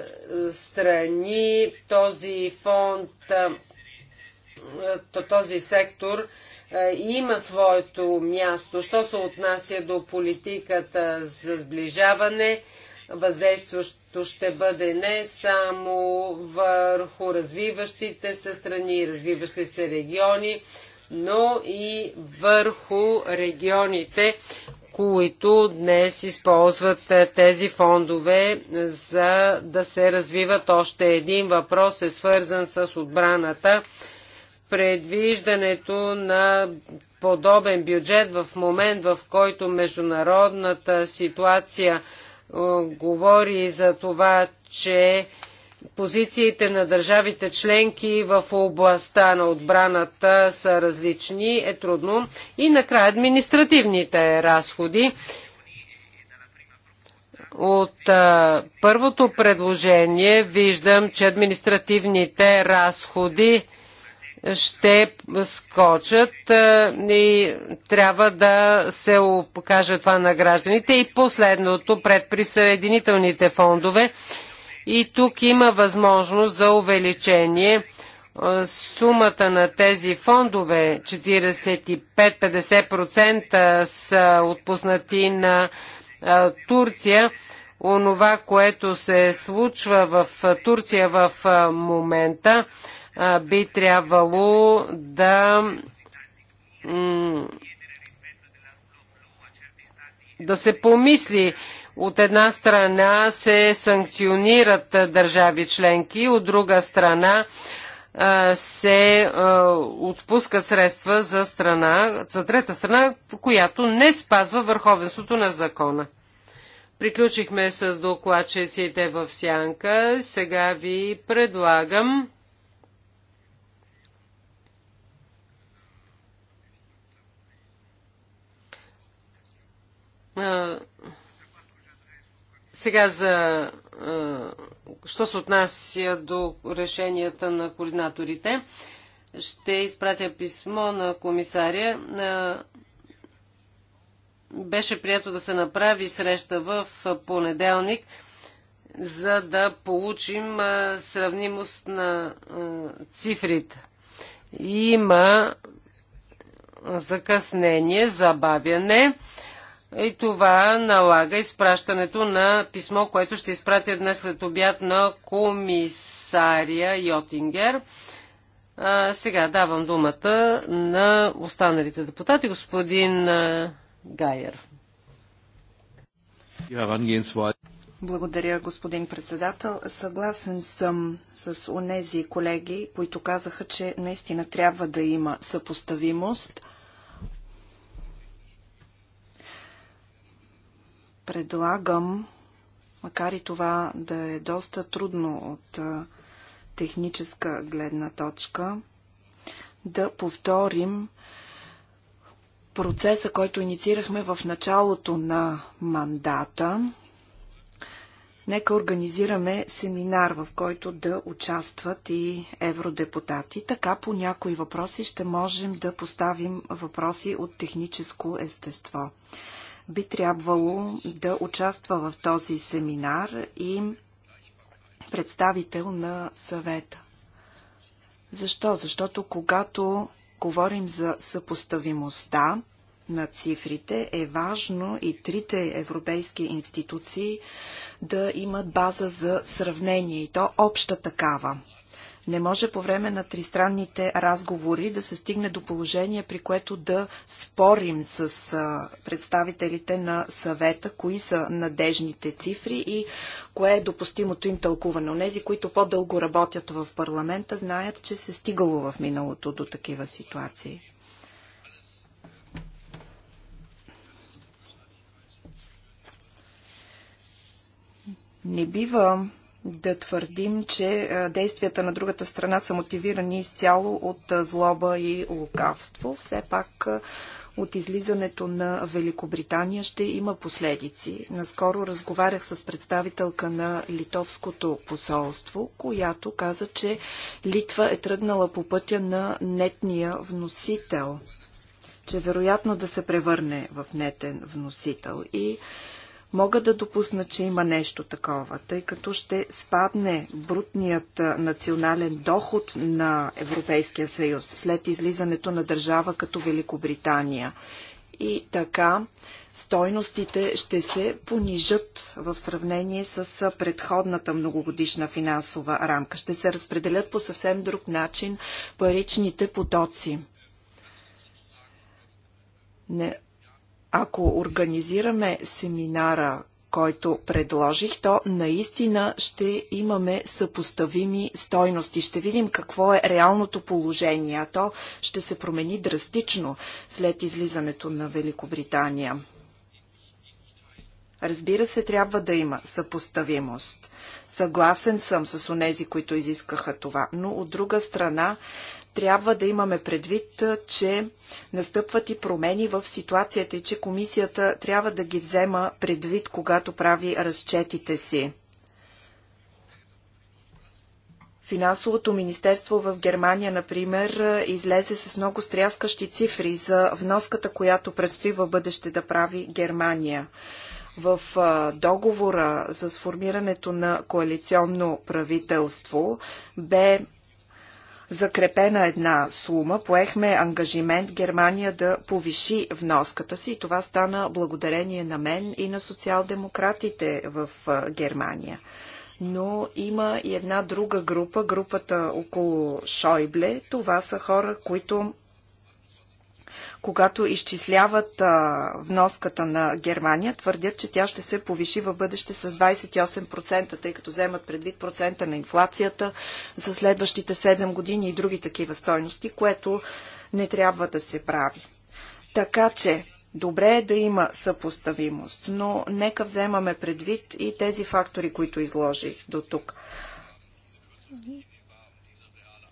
страни този фонд, е, този сектор е, има своето място. Що се отнася до политиката за сближаване, въздействието ще бъде не само върху развиващите се страни и развиващи се региони, но и върху регионите, които днес използват е, тези фондове за да се развиват. Още един въпрос е свързан с отбраната. Предвиждането на подобен бюджет в момент, в който международната ситуация е, говори за това, че позициите на държавите членки в областта на отбраната са различни, е трудно. И накрая административните разходи. От а, първото предложение виждам, че административните разходи ще скочат а, и трябва да се покаже това на гражданите. И последното, предприсъединителните фондове и тук има възможност за увеличение. Е, сумата на тези фондове 45-50% са отпуснати на е, Турция. Онова, което се случва в е, Турция в момента, би трябвало да да се помисли от една страна се санкционират държави членки, от друга страна се отпуска средства за страна, за трета страна, която не спазва върховенството на закона. Приключихме с докладчиците в сянка. Сега ви предлагам сега за що се отнася до решенията на координаторите, ще изпратя писмо на комисаря. Беше прието да се направи среща в понеделник, за да получим сравнимост на цифрите. Има закъснение, забавяне. И това налага изпращането на писмо, което ще изпратя днес след обяд на комисария Йотингер. А, сега давам думата на останалите депутати, господин а, Гайер. Благодаря, господин председател. Съгласен съм с онези колеги, които казаха, че наистина трябва да има съпоставимост – Предлагам, макар и това да е доста трудно от техническа гледна точка, да повторим процеса, който инициирахме в началото на мандата. Нека организираме семинар, в който да участват и евродепутати. Така по някои въпроси ще можем да поставим въпроси от техническо естество би трябвало да участва в този семинар и представител на съвета. Защо? Защото когато говорим за съпоставимостта на цифрите, е важно и трите европейски институции да имат база за сравнение и то обща такава. Не може по време на тристранните разговори да се стигне до положение, при което да спорим с представителите на съвета, кои са надежните цифри и кое е допустимото им тълкуване. Онези, които по-дълго работят в парламента, знаят, че се стигало в миналото до такива ситуации. Не бива да твърдим, че действията на другата страна са мотивирани изцяло от злоба и лукавство. Все пак от излизането на Великобритания ще има последици. Наскоро разговарях с представителка на литовското посолство, която каза, че Литва е тръгнала по пътя на нетния вносител, че вероятно да се превърне в нетен вносител. И Мога да допусна, че има нещо такова, тъй като ще спадне брутният национален доход на Европейския съюз след излизането на държава като Великобритания. И така стойностите ще се понижат в сравнение с предходната многогодишна финансова рамка. Ще се разпределят по съвсем друг начин паричните потоци. Не, ако организираме семинара, който предложих, то наистина ще имаме съпоставими стойности. Ще видим какво е реалното положение, а то ще се промени драстично след излизането на Великобритания. Разбира се, трябва да има съпоставимост. Съгласен съм с онези, които изискаха това, но от друга страна трябва да имаме предвид, че настъпват и промени в ситуацията и че комисията трябва да ги взема предвид, когато прави разчетите си. Финансовото министерство в Германия, например, излезе с много стряскащи цифри за вноската, която предстои в бъдеще да прави Германия. В договора за сформирането на коалиционно правителство бе закрепена една сума. Поехме ангажимент Германия да повиши вноската си и това стана благодарение на мен и на социал-демократите в Германия. Но има и една друга група, групата около Шойбле. Това са хора, които когато изчисляват а, вноската на Германия, твърдят, че тя ще се повиши в бъдеще с 28%, тъй като вземат предвид процента на инфлацията за следващите 7 години и други такива стойности, което не трябва да се прави. Така че Добре е да има съпоставимост, но нека вземаме предвид и тези фактори, които изложих до тук.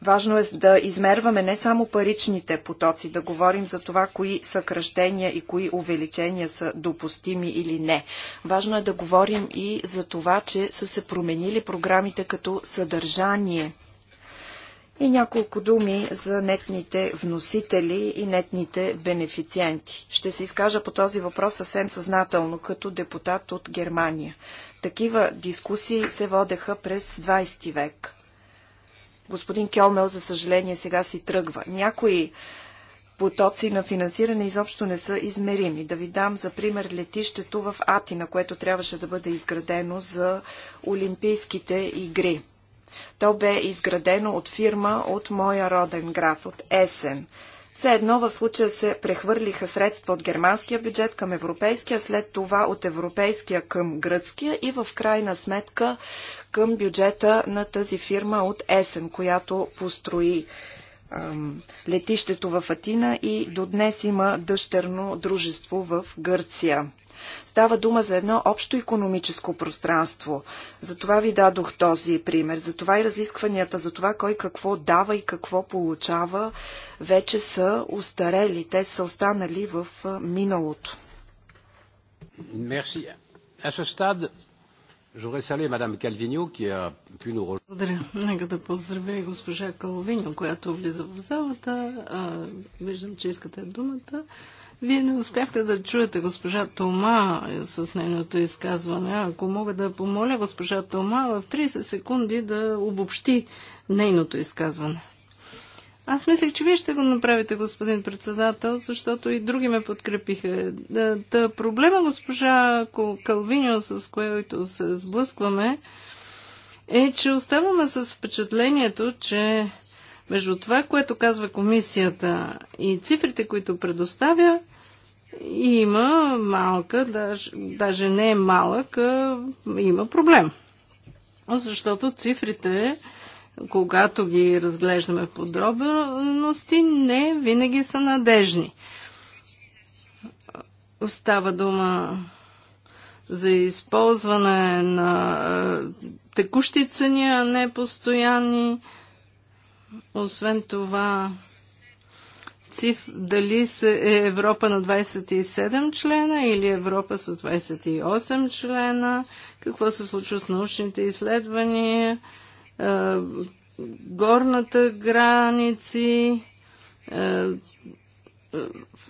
Важно е да измерваме не само паричните потоци, да говорим за това, кои съкръщения и кои увеличения са допустими или не. Важно е да говорим и за това, че са се променили програмите като съдържание. И няколко думи за нетните вносители и нетните бенефициенти. Ще се изкажа по този въпрос съвсем съзнателно като депутат от Германия. Такива дискусии се водеха през 20 век. Господин Келмел, за съжаление, сега си тръгва. Някои потоци на финансиране изобщо не са измерими. Да ви дам за пример летището в Атина, което трябваше да бъде изградено за Олимпийските игри. То бе изградено от фирма от моя роден град, от Есен. Все едно в случая се прехвърлиха средства от германския бюджет към европейския, след това от европейския към гръцкия и в крайна сметка към бюджета на тази фирма от Есен, която построи ам, летището в Атина и до днес има дъщерно дружество в Гърция. Става дума за едно общо економическо пространство. За това ви дадох този пример. Затова и разискванията за това кой какво дава и какво получава вече са устарели. Те са останали в миналото. Мерси. Благодаря. Нека да поздравя и госпожа Калвиньо, която влиза в залата. А, виждам, че искате думата. Вие не успяхте да чуете госпожа Тома е, с нейното изказване. Ако мога да помоля госпожа Тома в 30 секунди да обобщи нейното изказване. Аз мислех, че вие ще го направите, господин председател, защото и други ме подкрепиха. Е, та проблема, госпожа Калвиньо, с който се сблъскваме, е, че оставаме с впечатлението, че между това, което казва комисията и цифрите, които предоставя, има малка, даже, даже не е малък, а има проблем. Защото цифрите когато ги разглеждаме в подробности, не винаги са надежни. Остава дума за използване на е, текущи цени, а не постоянни. Освен това, циф, дали е Европа на 27 члена или Европа с 28 члена, какво се случва с научните изследвания, е, горната граници, е, е,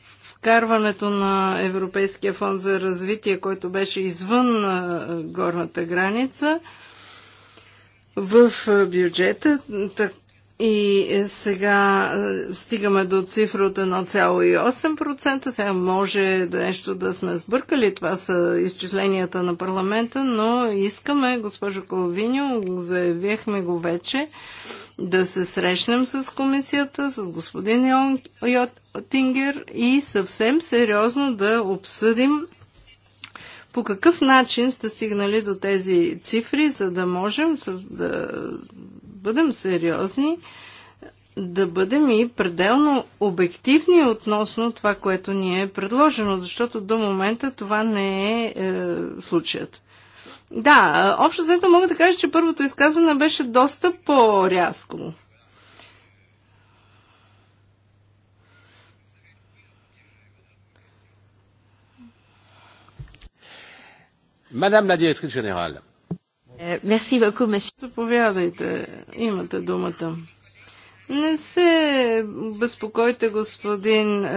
вкарването на Европейския фонд за развитие, който беше извън горната граница, в бюджета, так, и е, сега е, стигаме до цифра от 1,8%. Сега може нещо да сме сбъркали. Това са изчисленията на парламента, но искаме, госпожо Коловиньо, заявихме го вече, да се срещнем с комисията, с господин Тингер и съвсем сериозно да обсъдим по какъв начин сте стигнали до тези цифри, за да можем да бъдем сериозни, да бъдем и пределно обективни относно това, което ни е предложено, защото до момента това не е, е случаят. Да, е, общо взето мога да кажа, че първото изказване беше доста по-рязко. Madame la directrice générale, е, мерси Заповядайте, имате думата. Не се безпокойте, господин е,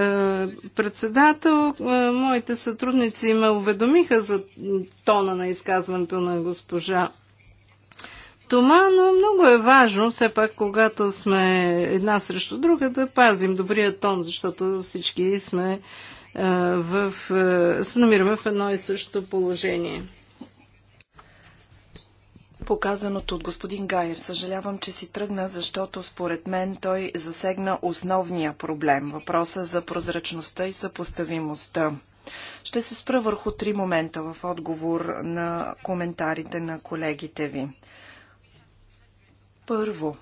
председател. Е, моите сътрудници ме уведомиха за тона на изказването на госпожа Тома, но много е важно, все пак, когато сме една срещу друга, да пазим добрия тон, защото всички сме е, в, е, се намираме в едно и също положение показаното от господин Гайер. Съжалявам, че си тръгна, защото според мен той засегна основния проблем – въпроса за прозрачността и съпоставимостта. Ще се спра върху три момента в отговор на коментарите на колегите ви. Първо,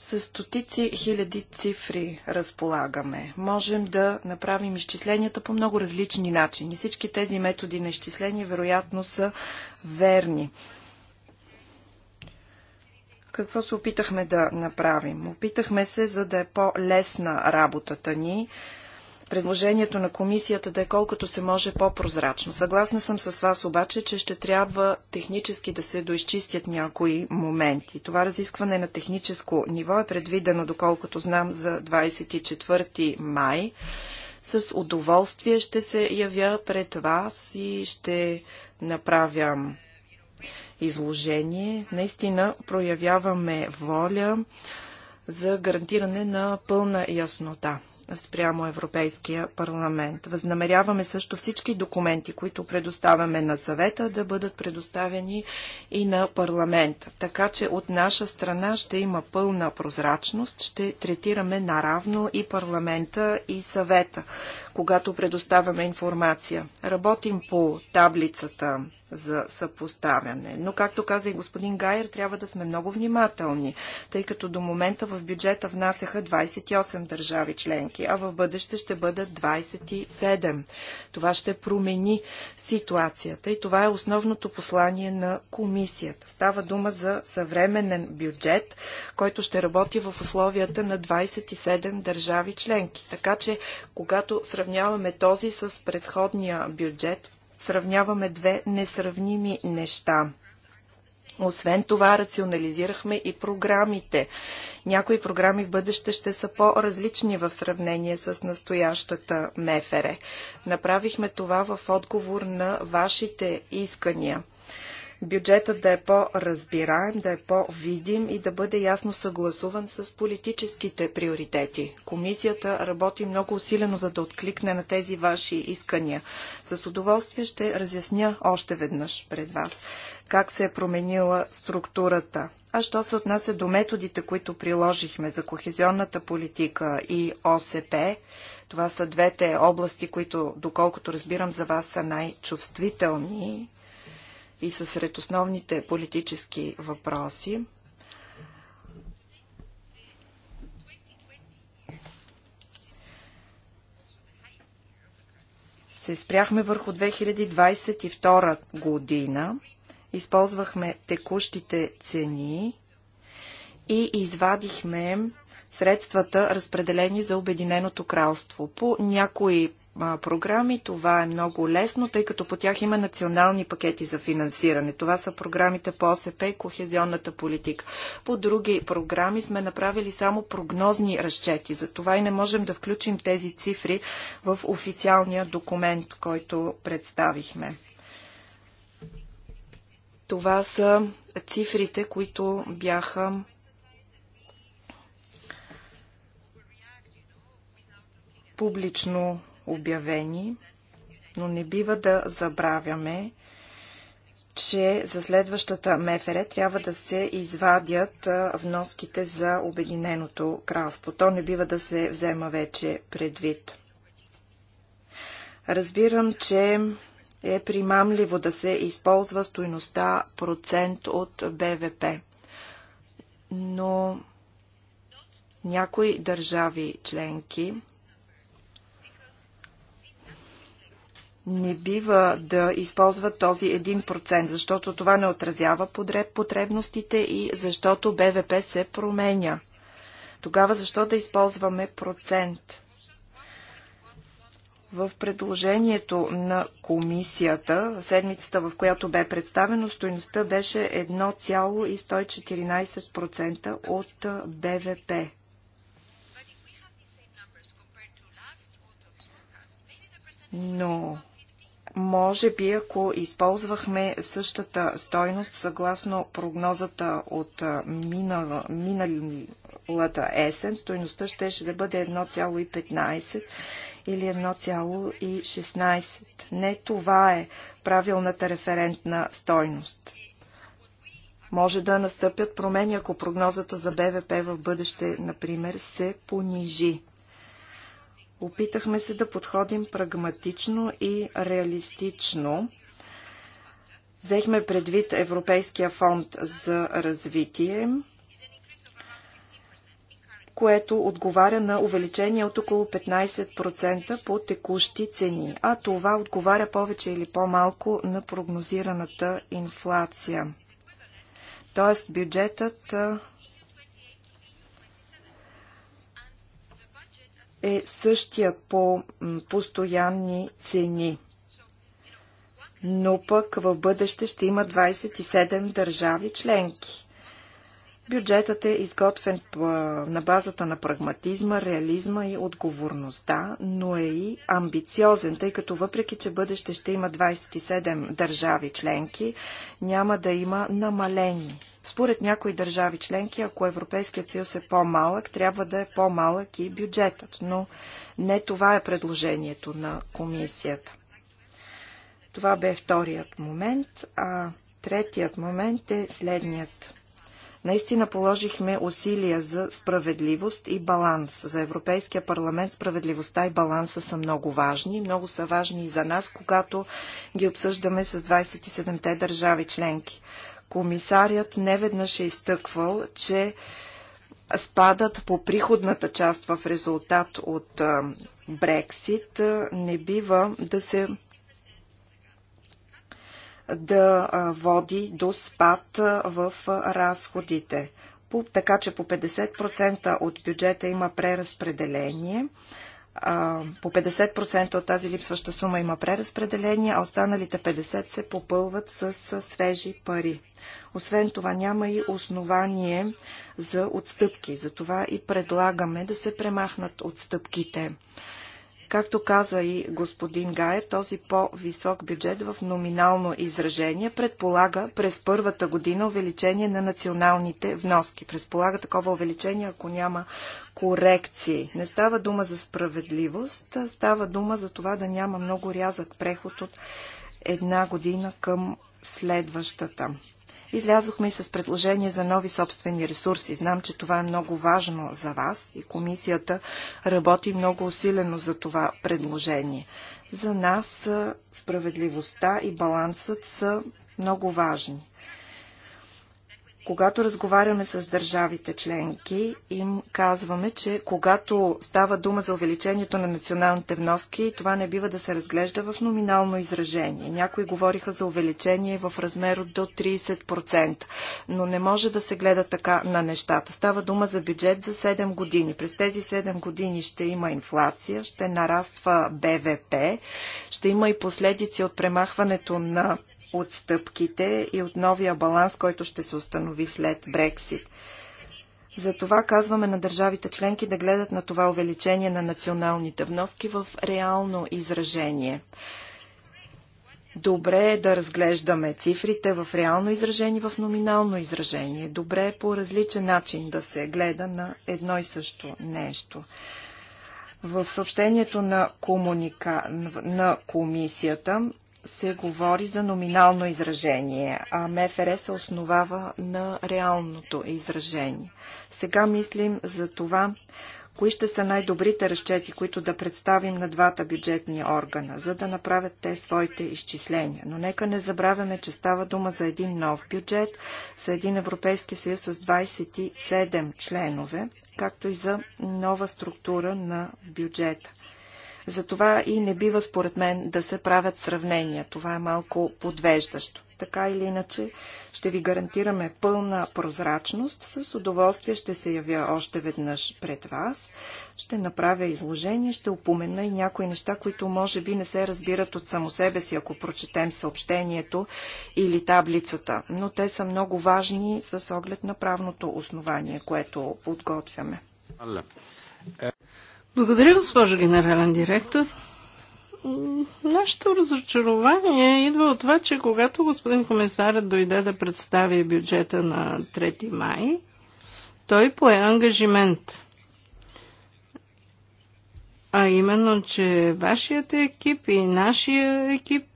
с стотици хиляди цифри разполагаме. Можем да направим изчисленията по много различни начини. Всички тези методи на изчисление вероятно са верни. Какво се опитахме да направим? Опитахме се, за да е по-лесна работата ни, предложението на комисията да е колкото се може по-прозрачно. Съгласна съм с вас обаче, че ще трябва технически да се доизчистят някои моменти. Това разискване на техническо ниво е предвидено, доколкото знам, за 24 май. С удоволствие ще се явя пред вас и ще направя изложение. Наистина проявяваме воля за гарантиране на пълна яснота спрямо Европейския парламент. Възнамеряваме също всички документи, които предоставяме на съвета, да бъдат предоставени и на парламента. Така че от наша страна ще има пълна прозрачност, ще третираме наравно и парламента и съвета, когато предоставяме информация. Работим по таблицата за съпоставяне. Но, както каза и господин Гайер, трябва да сме много внимателни, тъй като до момента в бюджета внасяха 28 държави членки, а в бъдеще ще бъдат 27. Това ще промени ситуацията и това е основното послание на комисията. Става дума за съвременен бюджет, който ще работи в условията на 27 държави членки. Така че, когато сравняваме сравняваме този с предходния бюджет, сравняваме две несравними неща. Освен това, рационализирахме и програмите. Някои програми в бъдеще ще са по-различни в сравнение с настоящата МЕФЕРЕ. Направихме това в отговор на вашите искания – бюджетът да е по-разбираем, да е по-видим и да бъде ясно съгласуван с политическите приоритети. Комисията работи много усилено, за да откликне на тези ваши искания. С удоволствие ще разясня още веднъж пред вас как се е променила структурата. А що се отнася до методите, които приложихме за кохезионната политика и ОСП, това са двете области, които, доколкото разбирам за вас, са най-чувствителни и са сред основните политически въпроси. Се спряхме върху 2022 година, използвахме текущите цени и извадихме средствата, разпределени за Обединеното кралство. По някои програми. Това е много лесно, тъй като по тях има национални пакети за финансиране. Това са програмите по ОСП и кохезионната политика. По други програми сме направили само прогнозни разчети. За това и не можем да включим тези цифри в официалния документ, който представихме. Това са цифрите, които бяха публично обявени, но не бива да забравяме, че за следващата МФР трябва да се извадят вноските за Обединеното кралство. То не бива да се взема вече предвид. Разбирам, че е примамливо да се използва стоеността процент от БВП. Но някои държави членки не бива да използват този 1%, защото това не отразява потребностите и защото БВП се променя. Тогава защо да използваме процент? В предложението на комисията, седмицата в която бе представено, стоеността беше 1,114% от БВП. Но може би, ако използвахме същата стойност съгласно прогнозата от миналата есен, стойността ще, ще да бъде 1,15 или 1,16. Не това е правилната референтна стойност. Може да настъпят промени, ако прогнозата за БВП в бъдеще, например, се понижи. Опитахме се да подходим прагматично и реалистично. Взехме предвид Европейския фонд за развитие, което отговаря на увеличение от около 15% по текущи цени, а това отговаря повече или по-малко на прогнозираната инфлация. Тоест бюджетът е същия по постоянни цени. Но пък в бъдеще ще има 27 държави членки. Бюджетът е изготвен на базата на прагматизма, реализма и отговорността, но е и амбициозен, тъй като въпреки, че бъдеще ще има 27 държави членки, няма да има намалени според някои държави членки, ако Европейският съюз е по-малък, трябва да е по-малък и бюджетът. Но не това е предложението на комисията. Това бе вторият момент, а третият момент е следният. Наистина положихме усилия за справедливост и баланс. За Европейския парламент справедливостта и баланса са много важни. Много са важни и за нас, когато ги обсъждаме с 27-те държави членки комисарят неведнъж е изтъквал, че спадат по приходната част в резултат от Брексит не бива да се да води до спад в разходите. така че по 50% от бюджета има преразпределение, по 50% от тази липсваща сума има преразпределение, а останалите 50% се попълват с свежи пари. Освен това няма и основание за отстъпки. Затова и предлагаме да се премахнат отстъпките. Както каза и господин Гайер, този по-висок бюджет в номинално изражение предполага през първата година увеличение на националните вноски. Предполага такова увеличение, ако няма корекции. Не става дума за справедливост, става дума за това да няма много рязък преход от една година към следващата. Излязохме и с предложение за нови собствени ресурси. Знам, че това е много важно за вас и комисията работи много усилено за това предложение. За нас справедливостта и балансът са много важни когато разговаряме с държавите членки, им казваме, че когато става дума за увеличението на националните вноски, това не бива да се разглежда в номинално изражение. Някои говориха за увеличение в размер от до 30%, но не може да се гледа така на нещата. Става дума за бюджет за 7 години. През тези 7 години ще има инфлация, ще нараства БВП, ще има и последици от премахването на отстъпките и от новия баланс, който ще се установи след Брексит. Затова казваме на държавите членки да гледат на това увеличение на националните вноски в реално изражение. Добре е да разглеждаме цифрите в реално изражение, в номинално изражение. Добре е по различен начин да се гледа на едно и също нещо. В съобщението на, комуника... на комисията се говори за номинално изражение, а МФР се основава на реалното изражение. Сега мислим за това, кои ще са най-добрите разчети, които да представим на двата бюджетни органа, за да направят те своите изчисления. Но нека не забравяме, че става дума за един нов бюджет, за един Европейски съюз с 27 членове, както и за нова структура на бюджета. Затова и не бива според мен да се правят сравнения. Това е малко подвеждащо. Така или иначе ще ви гарантираме пълна прозрачност. С удоволствие ще се явя още веднъж пред вас. Ще направя изложение, ще упомена и някои неща, които може би не се разбират от само себе си, ако прочетем съобщението или таблицата. Но те са много важни с оглед на правното основание, което подготвяме. Благодаря, госпожо генерален директор. Нашето разочарование идва от това, че когато господин комисарът дойде да представи бюджета на 3 май, той пое ангажимент. А именно, че вашият екип и нашия екип,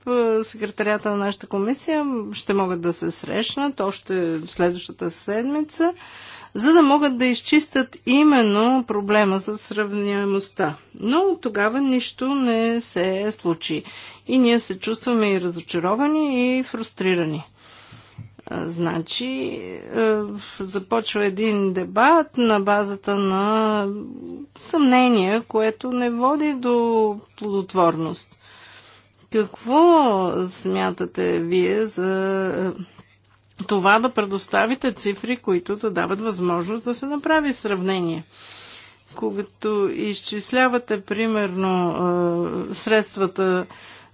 секретарята на нашата комисия, ще могат да се срещнат още следващата седмица за да могат да изчистят именно проблема с сравняемостта. Но тогава нищо не се случи и ние се чувстваме и разочаровани и фрустрирани. Значи, започва един дебат на базата на съмнение, което не води до плодотворност. Какво смятате вие за това да предоставите цифри, които да дават възможност да се направи сравнение. Когато изчислявате, примерно, средствата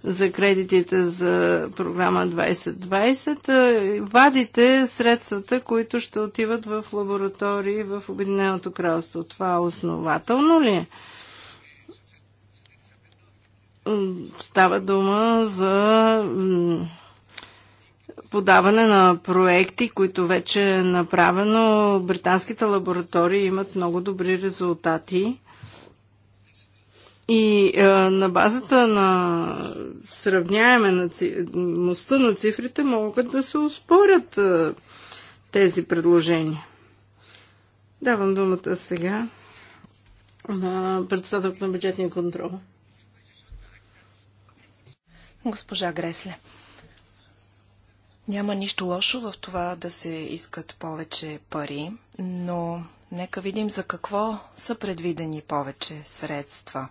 за кредитите за програма 2020, вадите средствата, които ще отиват в лаборатории в Обединеното кралство. Това основателно ли е? Става дума за подаване на проекти, които вече е направено. Британските лаборатории имат много добри резултати. И е, на базата на моста на цифрите могат да се успорят е, тези предложения. Давам думата сега на председател на бюджетния контрол. Госпожа Гресле. Няма нищо лошо в това да се искат повече пари, но нека видим за какво са предвидени повече средства.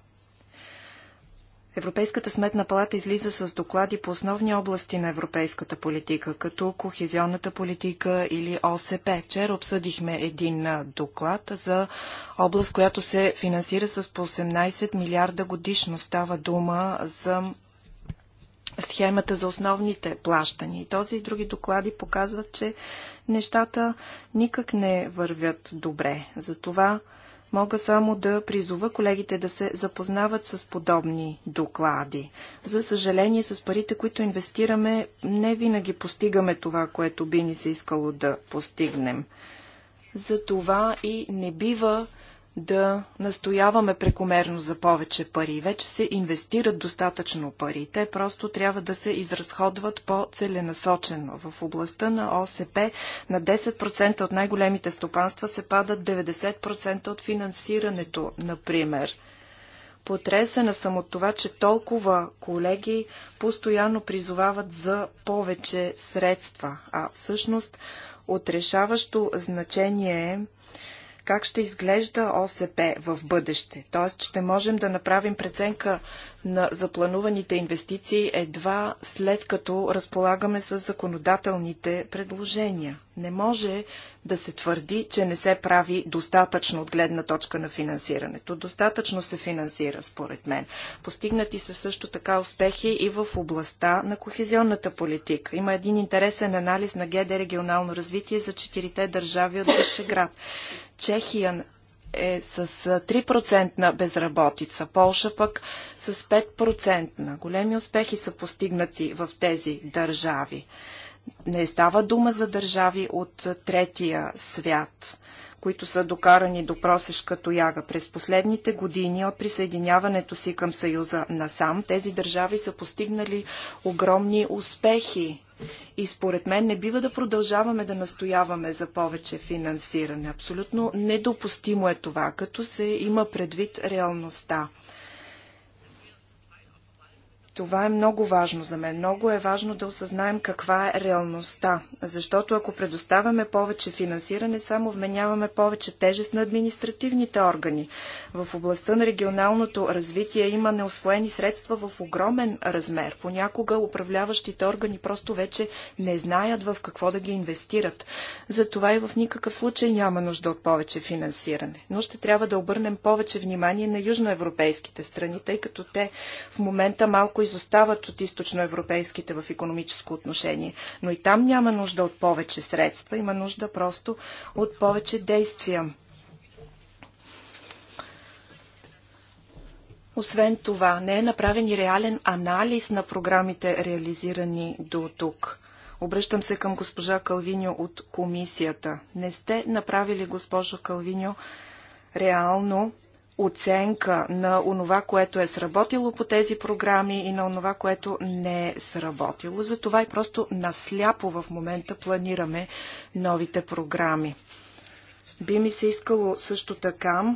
Европейската сметна палата излиза с доклади по основни области на европейската политика, като кохезионната политика или ОСП. Вчера обсъдихме един доклад за област, която се финансира с по 18 милиарда годишно. Става дума за схемата за основните плащания. И този и други доклади показват, че нещата никак не вървят добре. Затова мога само да призова колегите да се запознават с подобни доклади. За съжаление, с парите, които инвестираме, не винаги постигаме това, което би ни се искало да постигнем. Затова и не бива да настояваме прекомерно за повече пари. Вече се инвестират достатъчно пари. Те просто трябва да се изразходват по-целенасочено. В областта на ОСП на 10% от най-големите стопанства се падат 90% от финансирането, например. Потресена съм от това, че толкова колеги постоянно призовават за повече средства, а всъщност отрешаващо значение е как ще изглежда ОСП в бъдеще. Т.е. ще можем да направим преценка на заплануваните инвестиции едва след като разполагаме с законодателните предложения. Не може да се твърди, че не се прави достатъчно от гледна точка на финансирането. Достатъчно се финансира, според мен. Постигнати са също така успехи и в областта на кохезионната политика. Има един интересен анализ на ГД регионално развитие за четирите държави от Вишеград. Чехия е с 3% на безработица, Полша пък с 5%. На големи успехи са постигнати в тези държави. Не става дума за държави от третия свят, които са докарани до просешка тояга. През последните години от присъединяването си към Съюза насам, тези държави са постигнали огромни успехи и според мен не бива да продължаваме да настояваме за повече финансиране. Абсолютно недопустимо е това, като се има предвид реалността. Това е много важно за мен. Много е важно да осъзнаем каква е реалността, защото ако предоставяме повече финансиране, само вменяваме повече тежест на административните органи. В областта на регионалното развитие има неосвоени средства в огромен размер. Понякога управляващите органи просто вече не знаят в какво да ги инвестират. Затова и в никакъв случай няма нужда от повече финансиране. Но ще трябва да обърнем повече внимание на южноевропейските страни, тъй като те в момента малко изостават от източноевропейските в економическо отношение. Но и там няма нужда от повече средства, има нужда просто от повече действия. Освен това, не е направен и реален анализ на програмите, реализирани до тук. Обръщам се към госпожа Калвиньо от комисията. Не сте направили, госпожо Калвиньо, реално оценка на онова, което е сработило по тези програми и на онова, което не е сработило. Затова и просто насляпо в момента планираме новите програми. Би ми се искало също така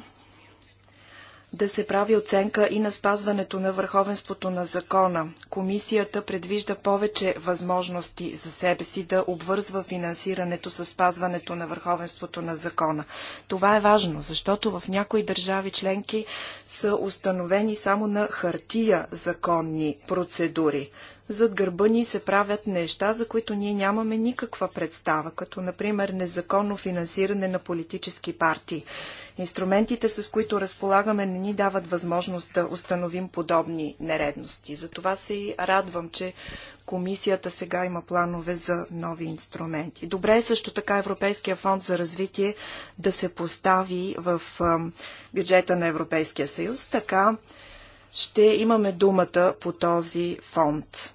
да се прави оценка и на спазването на върховенството на закона. Комисията предвижда повече възможности за себе си да обвързва финансирането с спазването на върховенството на закона. Това е важно, защото в някои държави членки са установени само на хартия законни процедури зад гърба ни се правят неща, за които ние нямаме никаква представа, като например незаконно финансиране на политически партии. Инструментите, с които разполагаме, не ни дават възможност да установим подобни нередности. Затова се и радвам, че комисията сега има планове за нови инструменти. Добре е също така Европейския фонд за развитие да се постави в бюджета на Европейския съюз, така ще имаме думата по този фонд.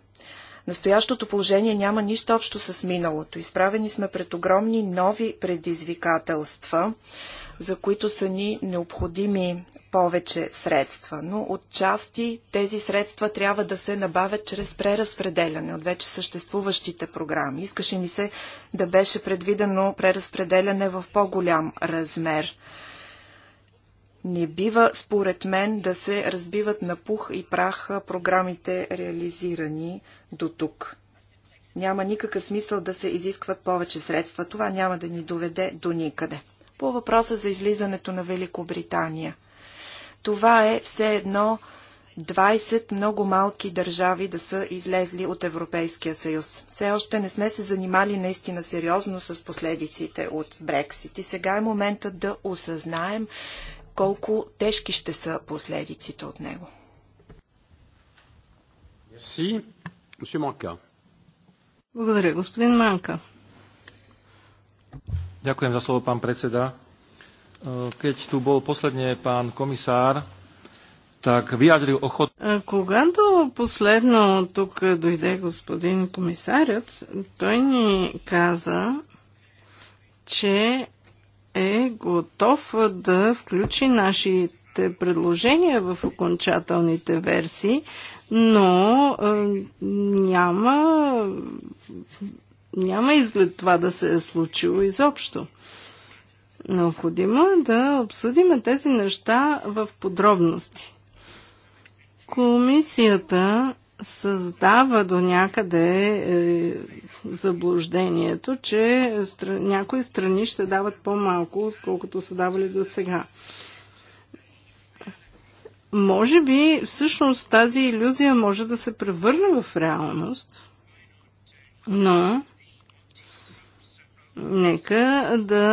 Настоящото положение няма нищо общо с миналото. Изправени сме пред огромни нови предизвикателства, за които са ни необходими повече средства. Но отчасти тези средства трябва да се набавят чрез преразпределяне от вече съществуващите програми. Искаше ни се да беше предвидено преразпределяне в по-голям размер. Не бива, според мен, да се разбиват на пух и прах програмите, реализирани до тук. Няма никакъв смисъл да се изискват повече средства. Това няма да ни доведе до никъде. По въпроса за излизането на Великобритания. Това е все едно 20 много малки държави да са излезли от Европейския съюз. Все още не сме се занимали наистина сериозно с последиците от Брексит и сега е моментът да осъзнаем, колко тежки ще са последиците от него. Благодаря, господин Манка. Ďakujem za slovo, pán predseda. Е, keď tu bol posledne pán komisár, так, vyjadril ochot... Е, когато последно тук дойде господин комисарят, той ни каза, че е готов да включи нашите предложения в окончателните версии, но е, няма, няма изглед това да се е случило изобщо. Необходимо е да обсъдим тези неща в подробности. Комисията създава до някъде е, заблуждението, че стра... някои страни ще дават по-малко, отколкото са давали до сега. Може би всъщност тази иллюзия може да се превърне в реалност, но нека да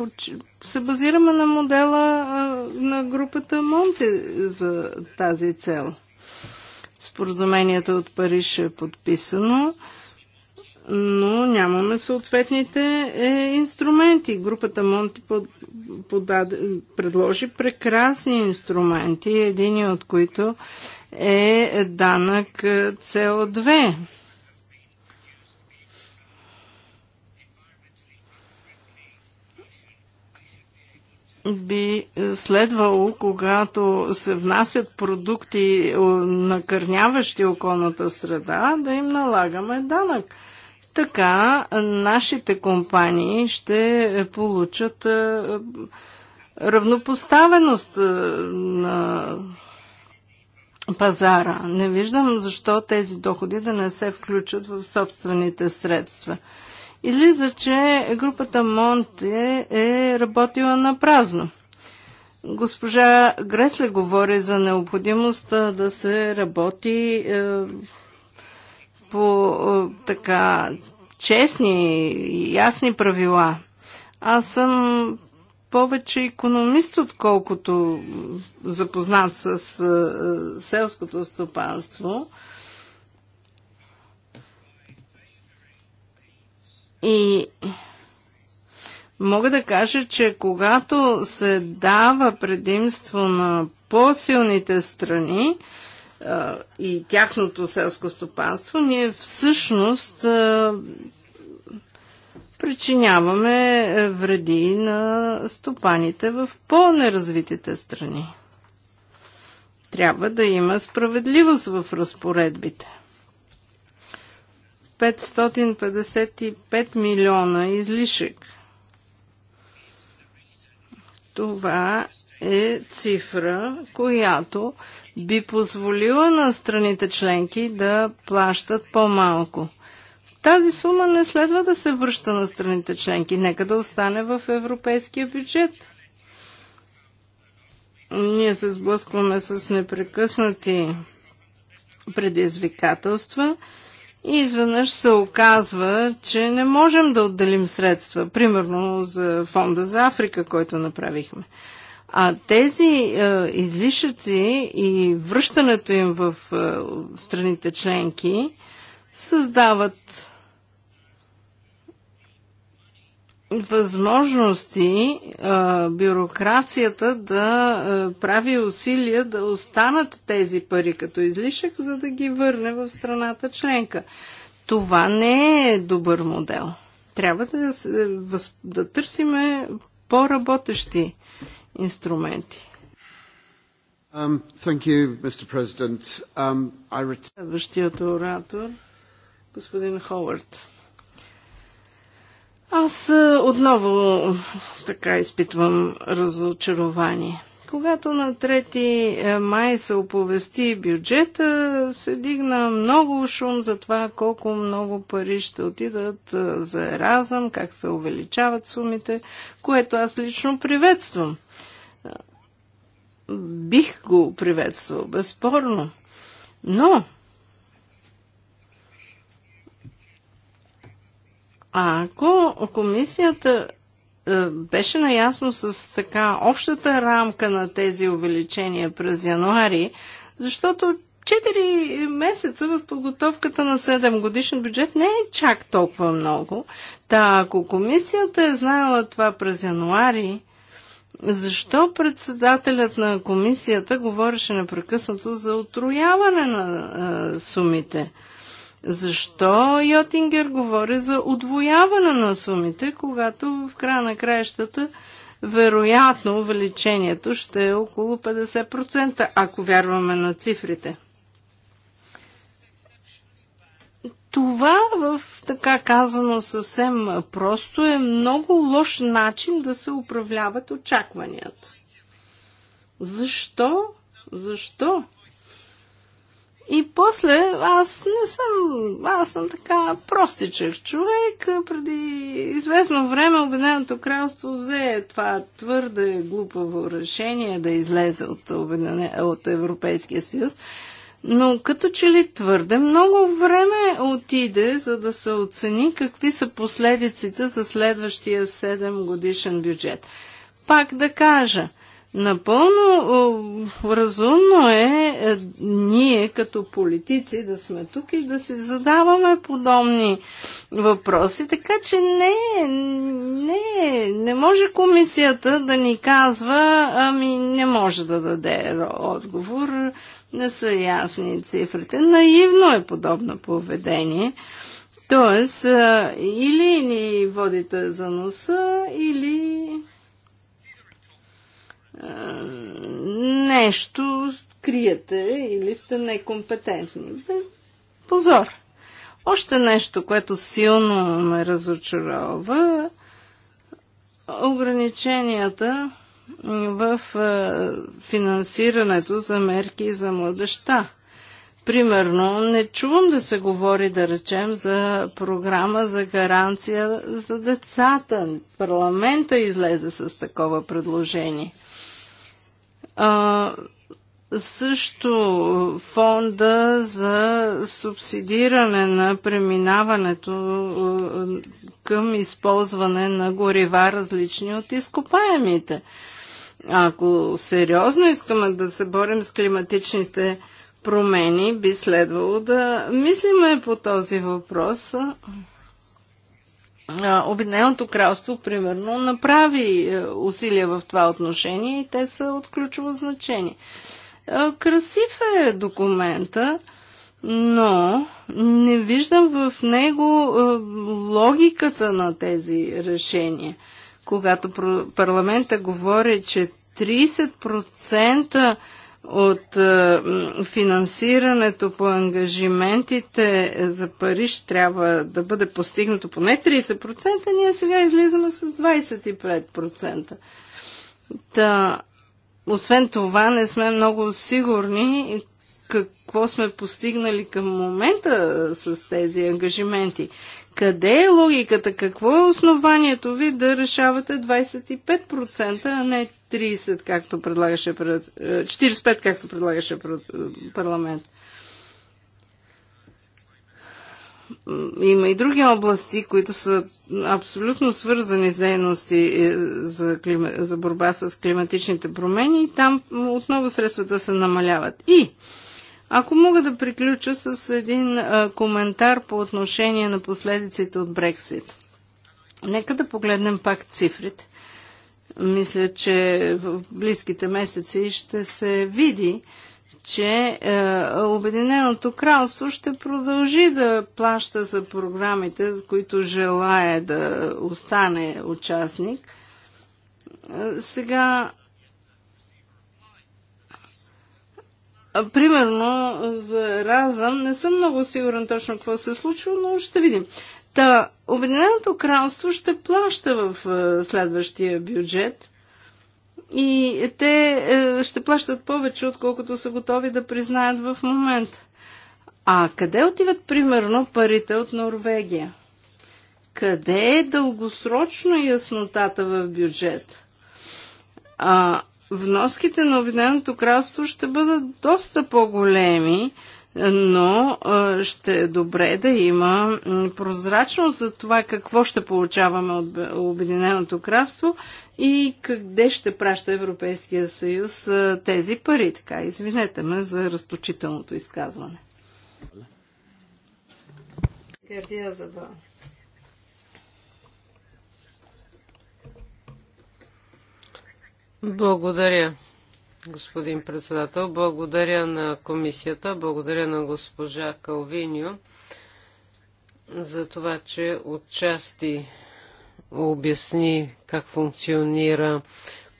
е, се базираме на модела е, на групата Монте за тази цел – Споразумението от Париж е подписано, но нямаме съответните е, инструменти. Групата Монти под, подаде, предложи прекрасни инструменти, един от които е данък CO2. Е, би следвало, когато се внасят продукти накърняващи околната среда, да им налагаме данък. Така нашите компании ще получат е, равнопоставеност е, на пазара. Не виждам защо тези доходи да не се включат в собствените средства. Излиза, че групата Монте е работила на празно. Госпожа Гресле говори за необходимостта да се работи е, по е, така честни и ясни правила. Аз съм повече економист, отколкото запознат с е, е селското стопанство. Е, И мога да кажа, че когато се дава предимство на по-силните страни а, и тяхното селско стопанство, ние всъщност а, причиняваме вреди на стопаните в по-неразвитите страни. Трябва да има справедливост в разпоредбите. 555 милиона излишък. Това е цифра, която би позволила на страните членки да плащат по-малко. Тази сума не следва да се връща на страните членки. Нека да остане в европейския бюджет. Ние се сблъскваме с непрекъснати предизвикателства и изведнъж се оказва, че не можем да отделим средства, примерно за фонда за Африка, който направихме. А тези е, излишъци и връщането им в е, страните членки създават възможности а, бюрокрацията да а, прави усилия да останат тези пари като излишък, за да ги върне в страната членка. Това не е добър модел. Трябва да, да търсиме по-работещи инструменти. Um, thank you, Mr. President. Um, I... Следващият оратор, господин Ховард. Аз е, отново така изпитвам разочарование. Когато на 3 е, май се оповести бюджета, се дигна много шум за това колко много пари ще отидат е, за Еразъм, как се увеличават сумите, което аз лично приветствам. Бих го приветствал, безспорно. Но А ако комисията е, беше наясно с така общата рамка на тези увеличения през януари, защото 4 месеца в подготовката на 7 годишен бюджет не е чак толкова много. Та ако комисията е знаела това през януари, защо председателят на комисията говореше непрекъснато за отрояване на е, сумите? Защо Йотингер говори за отвояване на сумите, когато в края на краищата вероятно увеличението ще е около 50%, ако вярваме на цифрите? Това в така казано съвсем просто е много лош начин да се управляват очакванията. Защо? Защо? И после, аз не съм, аз съм така простичев човек. Преди известно време Обединеното кралство взе това твърде глупаво решение да излезе от, обедене, от Европейския съюз. Но като че ли твърде много време отиде, за да се оцени какви са последиците за следващия 7 годишен бюджет. Пак да кажа – Напълно разумно е, е ние като политици да сме тук и да си задаваме подобни въпроси, така че не, не, не може комисията да ни казва, ами не може да даде отговор, не са ясни цифрите. Наивно е подобно поведение. Тоест, е, или ни водите за носа, или нещо криете или сте некомпетентни. Бе, позор! Още нещо, което силно ме разочарова, ограниченията в е, финансирането за мерки за младеща. Примерно, не чувам да се говори, да речем, за програма за гаранция за децата. Парламента излезе с такова предложение. А, също фонда за субсидиране на преминаването към използване на горива различни от изкопаемите. Ако сериозно искаме да се борим с климатичните промени, би следвало да мислиме по този въпрос. Обединеното кралство, примерно, направи е, усилия в това отношение и те са от ключово значение. Красив е документа, но не виждам в него е, логиката на тези решения. Когато парламента говори, че 30% от е, финансирането по ангажиментите за Париж трябва да бъде постигнато поне 30%, ние сега излизаме с 25%. Та, освен това, не сме много сигурни какво сме постигнали към момента с тези ангажименти. Къде е логиката? Какво е основанието ви да решавате 25%, а не 30%, както предлагаше, 45% е, както предлагаше е, парламент? Има и други области, които са абсолютно свързани с дейности е, за, клима, за борба с климатичните промени и там отново средствата се намаляват. И ако мога да приключа с един а, коментар по отношение на последиците от Брексит. Нека да погледнем пак цифрите. Мисля, че в близките месеци ще се види, че е, Обединеното кралство ще продължи да плаща за програмите, които желая да остане участник. Е, сега примерно за разъм, не съм много сигурен точно какво се е случва, но ще видим. Та, Обединеното кралство ще плаща в следващия бюджет и те е, ще плащат повече, отколкото са готови да признаят в момента. А къде отиват примерно парите от Норвегия? Къде е дългосрочно яснотата в бюджет? А, вноските на Обединеното кралство ще бъдат доста по-големи, но ще е добре да има прозрачност за това какво ще получаваме от Обединеното кралство и къде ще праща Европейския съюз тези пари. Така, извинете ме за разточителното изказване. Гардия за Благодаря, господин председател. Благодаря на комисията, благодаря на госпожа Калвиньо за това, че отчасти обясни как функционира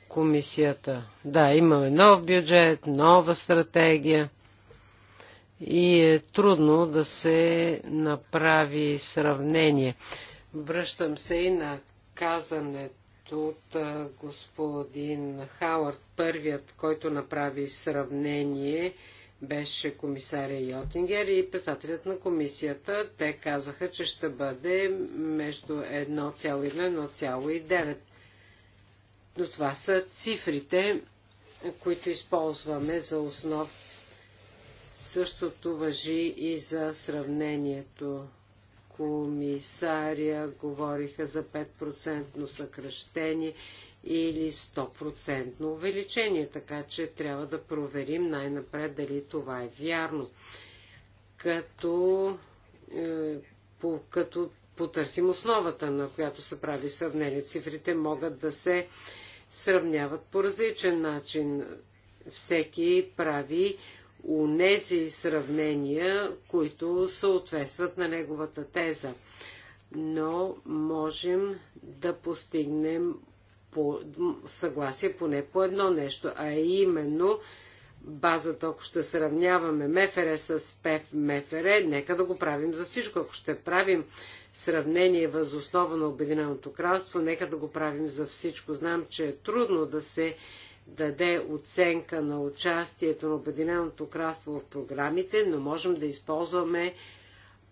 комисията. Да, имаме нов бюджет, нова стратегия и е трудно да се направи сравнение. Връщам се и на казането от господин Хауърд. Първият, който направи сравнение, беше комисаря Йотингер и председателят на комисията. Те казаха, че ще бъде между 1,1 и 1,9. Но това са цифрите, които използваме за основ. Същото въжи и за сравнението комисаря говориха за 5% съкръщение или 100% увеличение, така че трябва да проверим най-напред дали това е вярно. Като, е, по, като потърсим основата, на която се прави сравнение. Цифрите могат да се сравняват по различен начин. Всеки прави унези сравнения, които съответстват на неговата теза. Но можем да постигнем по, съгласие поне по едно нещо, а именно базата, ако ще сравняваме Мефере с ПЕФ Мефере, нека да го правим за всичко. Ако ще правим сравнение възоснова на Обединеното кралство, нека да го правим за всичко. Знам, че е трудно да се даде оценка на участието на Обединеното кралство в програмите, но можем да използваме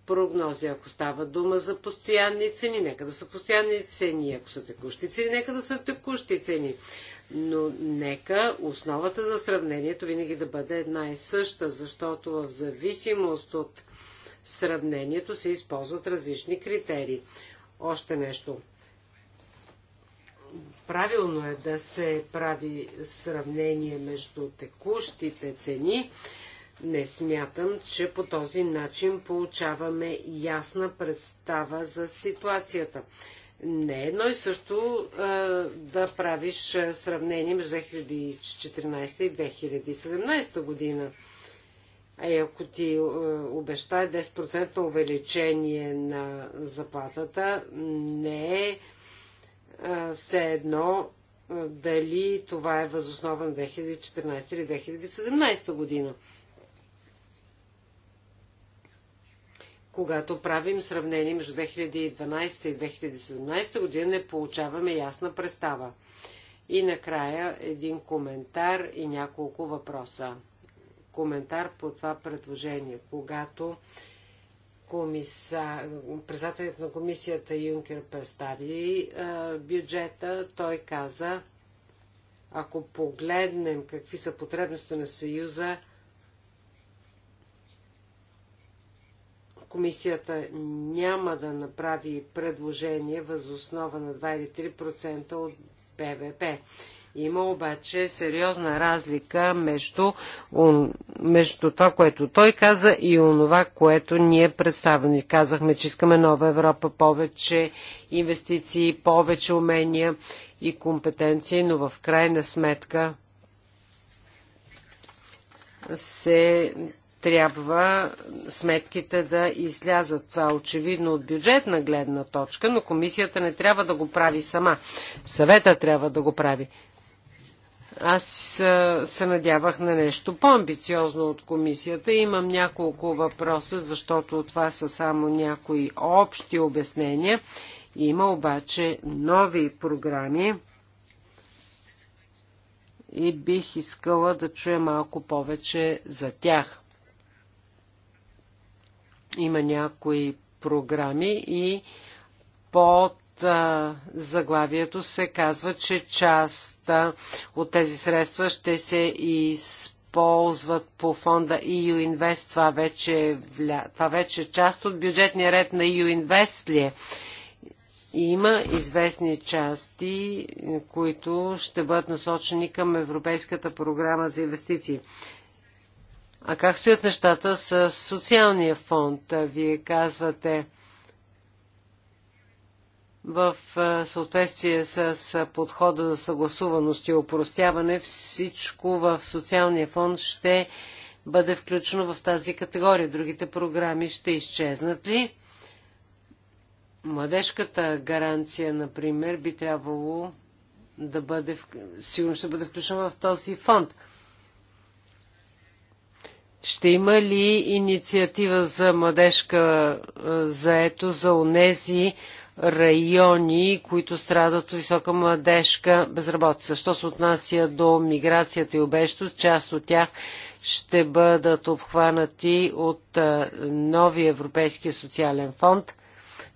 прогнози. Ако става дума за постоянни цени, нека да са постоянни цени. Ако са текущи цени, нека да са текущи цени. Но нека основата за сравнението винаги да бъде една и съща, защото в зависимост от сравнението се използват различни критерии. Още нещо. Правилно е да се прави сравнение между текущите цени. Не смятам, че по този начин получаваме ясна представа за ситуацията. Не е едно и също а, да правиш сравнение между 2014 и 2017 година. А ако ти а, обещае 10% увеличение на заплатата, не е все едно дали това е възоснова на 2014 или 2017 година. Когато правим сравнение между 2012 и 2017 година, не получаваме ясна представа. И накрая един коментар и няколко въпроса. Коментар по това предложение. Когато председателят на комисията Юнкер представи бюджета, той каза, ако погледнем какви са потребности на Съюза, комисията няма да направи предложение възоснова на 2 или 3% от БВП. Има обаче сериозна разлика между, между това, което той каза и онова, което ние представяме. Казахме, че искаме нова Европа, повече инвестиции, повече умения и компетенции, но в крайна сметка се трябва сметките да излязат. Това е очевидно от бюджетна гледна точка, но комисията не трябва да го прави сама. Съвета трябва да го прави. Аз се надявах на нещо по-амбициозно от комисията. Имам няколко въпроса, защото това са само някои общи обяснения. Има обаче нови програми и бих искала да чуя малко повече за тях. Има някои програми и под а, заглавието се казва, че част част от тези средства ще се използват по фонда EU Invest. Това вече, е това вече е част от бюджетния ред на EU Invest ли е? Има известни части, които ще бъдат насочени към Европейската програма за инвестиции. А как стоят нещата с социалния фонд? Вие казвате, в е, съответствие с подхода за съгласуваност и опростяване, всичко в социалния фонд ще бъде включено в тази категория. Другите програми ще изчезнат ли? Младежката гаранция, например, би трябвало да бъде, сигурно ще бъде включена в този фонд. Ще има ли инициатива за младежка е, заето за онези, за райони, които страдат от висока младежка безработица. Що се отнася до миграцията и обещо, част от тях ще бъдат обхванати от новия Европейския социален фонд.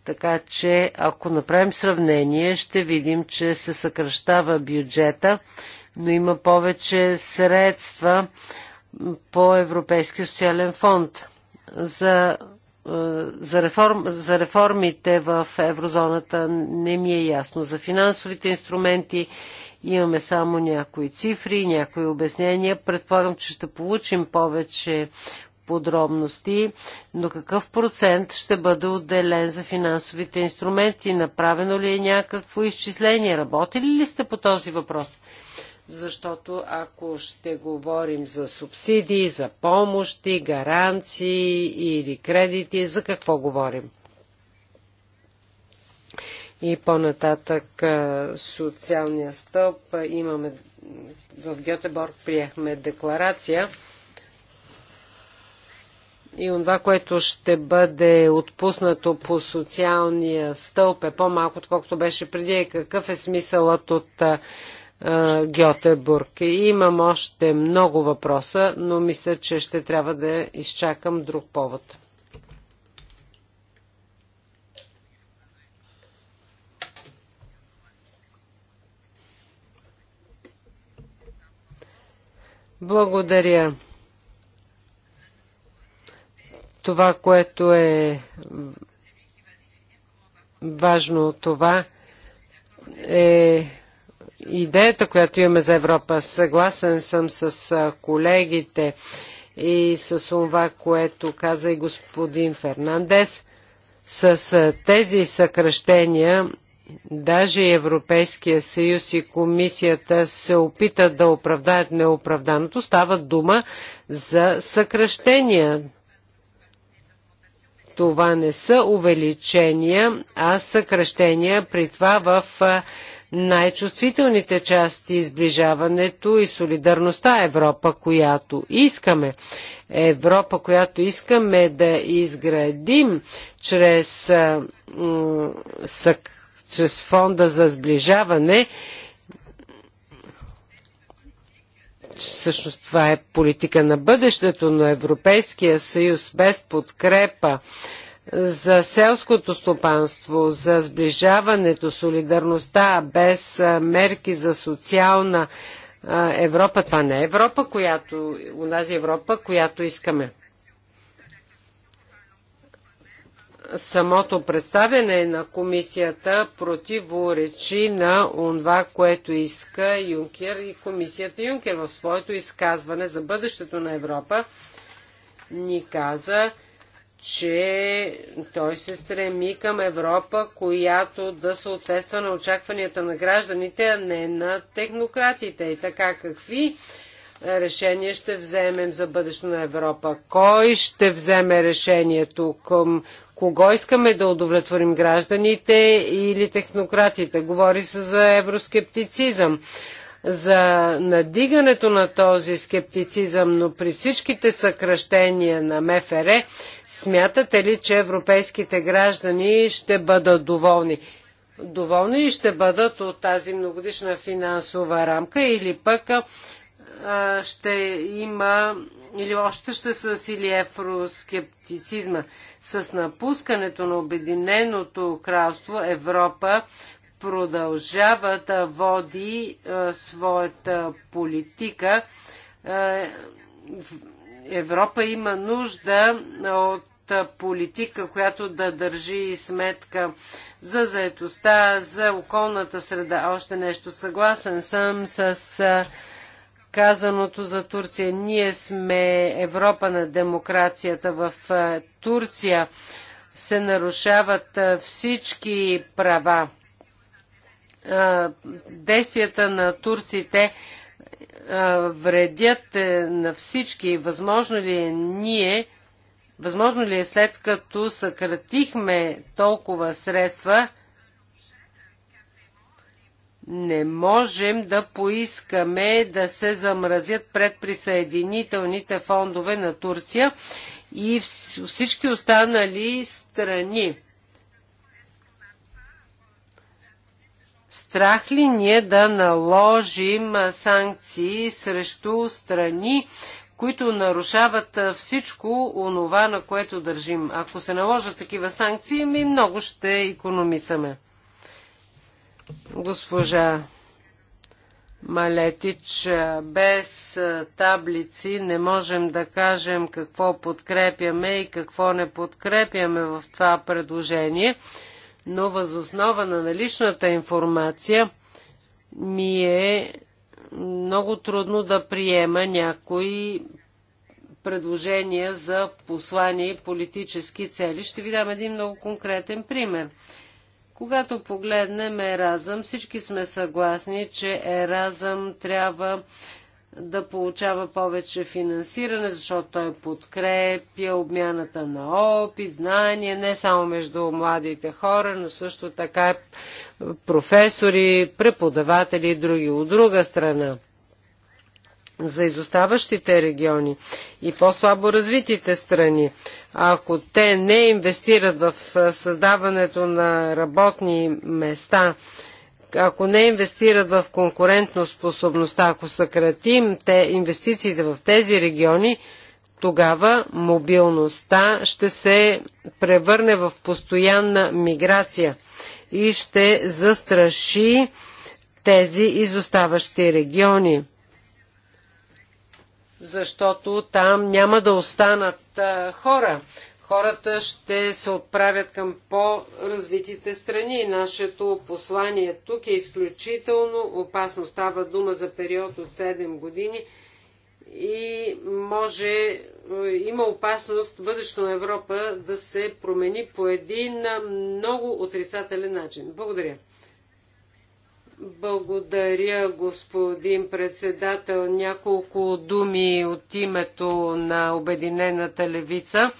Така че, ако направим сравнение, ще видим, че се съкръщава бюджета, но има повече средства по Европейския социален фонд за е, за, реформ, за реформите в еврозоната не ми е ясно. За финансовите инструменти имаме само някои цифри, някои обяснения. Предполагам, че ще получим повече подробности, но какъв процент ще бъде отделен за финансовите инструменти? Направено ли е някакво изчисление? Работили ли сте по този въпрос? защото ако ще говорим за субсидии, за помощи, гаранции или кредити, за какво говорим? И по-нататък социалния стълб имаме в Гьотеборг приехме декларация и това, което ще бъде отпуснато по социалния стълб е по-малко, отколкото беше преди. Какъв е смисълът от Гьотебург. Имам още много въпроса, но мисля, че ще трябва да изчакам друг повод. Благодаря. Това, което е важно, това е идеята, която имаме за Европа. Съгласен съм с колегите и с това, което каза и господин Фернандес. С тези съкръщения даже Европейския съюз и комисията се опитат да оправдаят неоправданото. Става дума за съкръщения. Това не са увеличения, а съкръщения при това в най-чувствителните части, изближаването и солидарността Европа, която искаме. Европа, която искаме да изградим чрез, чрез фонда за сближаване. Всъщност това е политика на бъдещето, но Европейския съюз без подкрепа за селското стопанство, за сближаването, солидарността, без мерки за социална Европа. Това не е Европа, която, унази Европа, която искаме. Самото представяне на комисията противоречи на това, което иска Юнкер и комисията Юнкер в своето изказване за бъдещето на Европа ни каза, че той се стреми към Европа, която да съответства на очакванията на гражданите, а не на технократите. И така какви решения ще вземем за бъдещето на Европа? Кой ще вземе решението към кого искаме да удовлетворим гражданите или технократите? Говори се за евроскептицизъм за надигането на този скептицизъм, но при всичките съкръщения на МФР, смятате ли, че европейските граждани ще бъдат доволни? Доволни ли ще бъдат от тази многодишна финансова рамка или пък а, ще има или още ще са сили евроскептицизма. С напускането на Обединеното кралство Европа продължава да води а, е, своята политика. Е, Европа има нужда от политика, която да държи сметка за заетостта, за околната среда. Още нещо съгласен съм с е, казаното за Турция. Ние сме Европа на демокрацията в е, Турция. Се нарушават всички права действията на турците вредят е, на всички. Възможно ли е ние, възможно ли е след като съкратихме толкова средства, не можем да поискаме да се замразят предприсъединителните фондове на Турция и всички останали страни. Страх ли ние да наложим санкции срещу страни, които нарушават всичко онова, на което държим? Ако се наложат такива санкции, ми много ще економисаме. Госпожа Малетич, без таблици не можем да кажем какво подкрепяме и какво не подкрепяме в това предложение но възоснова на наличната информация ми е много трудно да приема някои предложения за послания и политически цели. Ще ви дам един много конкретен пример. Когато погледнем Еразъм, всички сме съгласни, че Еразъм трябва да получава повече финансиране, защото той подкрепя обмяната на опит, знания, не само между младите хора, но също така професори, преподаватели и други. От друга страна, за изоставащите региони и по-слабо развитите страни, ако те не инвестират в създаването на работни места, ако не инвестират в конкурентно способността, ако съкратим те инвестициите в тези региони, тогава мобилността ще се превърне в постоянна миграция и ще застраши тези изоставащи региони. Защото там няма да останат а, хора хората ще се отправят към по-развитите страни. Нашето послание тук е изключително опасно. Става дума за период от 7 години и може, е, има опасност бъдещето на Европа да се промени по един много отрицателен начин. Благодаря. Благодаря, господин председател. Няколко думи от името на Обединената левица.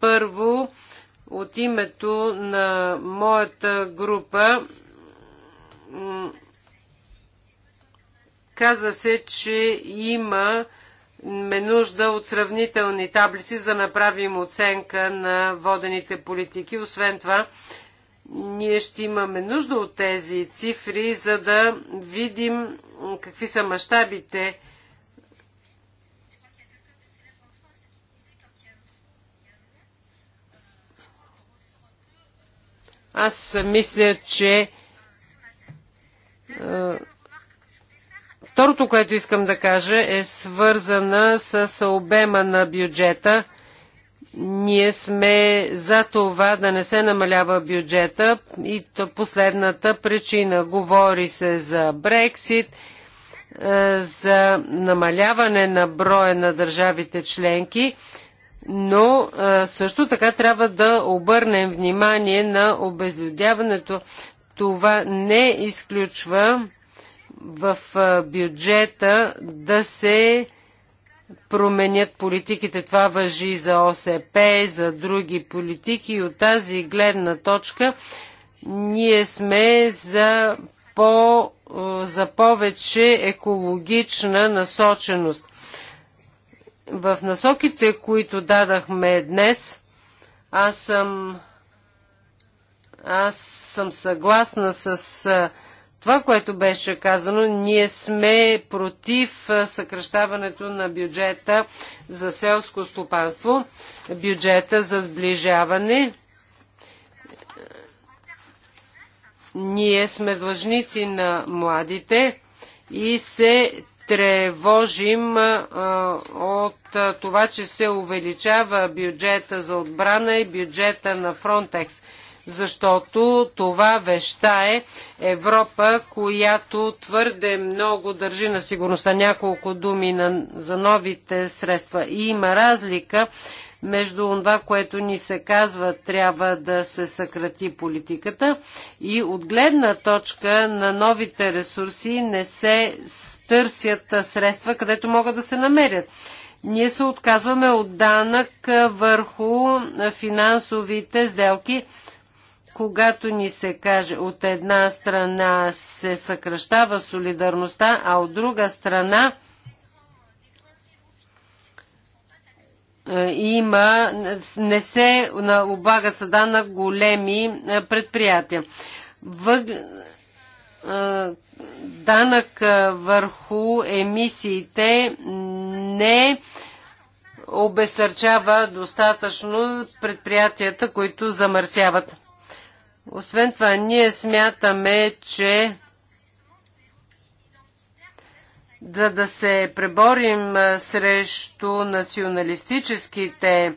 Първо, от името на моята група каза се, че има ме нужда от сравнителни таблици, за да направим оценка на водените политики. Освен това, ние ще имаме нужда от тези цифри, за да видим какви са мащабите Аз мисля, че е, Второто, което искам да кажа, е свързана с обема на бюджета. Ние сме за това да не се намалява бюджета и последната причина. Говори се за Брексит, е, за намаляване на броя на държавите членки но също така трябва да обърнем внимание на обезлюдяването. Това не изключва в бюджета да се променят политиките. Това въжи за ОСП, за други политики и от тази гледна точка ние сме за, по, за повече екологична насоченост. В насоките, които дадахме днес, аз съм, аз съм съгласна с това, което беше казано, ние сме против съкръщаването на бюджета за селско стопанство, бюджета за сближаване. Ние сме длъжници на младите и се тревожим от това, че се увеличава бюджета за отбрана и бюджета на Фронтекс, защото това веща е Европа, която твърде много държи на сигурността. Няколко думи на, за новите средства. И има разлика между това, което ни се казва, трябва да се съкрати политиката и от гледна точка на новите ресурси не се търсят средства, където могат да се намерят. Ние се отказваме от данък върху финансовите сделки, когато ни се каже от една страна се съкръщава солидарността, а от друга страна Е, има, не се обага съда на големи е, предприятия. Въг... Е, данък върху емисиите не обесърчава достатъчно предприятията, които замърсяват. Освен това, ние смятаме, че да, да се преборим срещу националистическите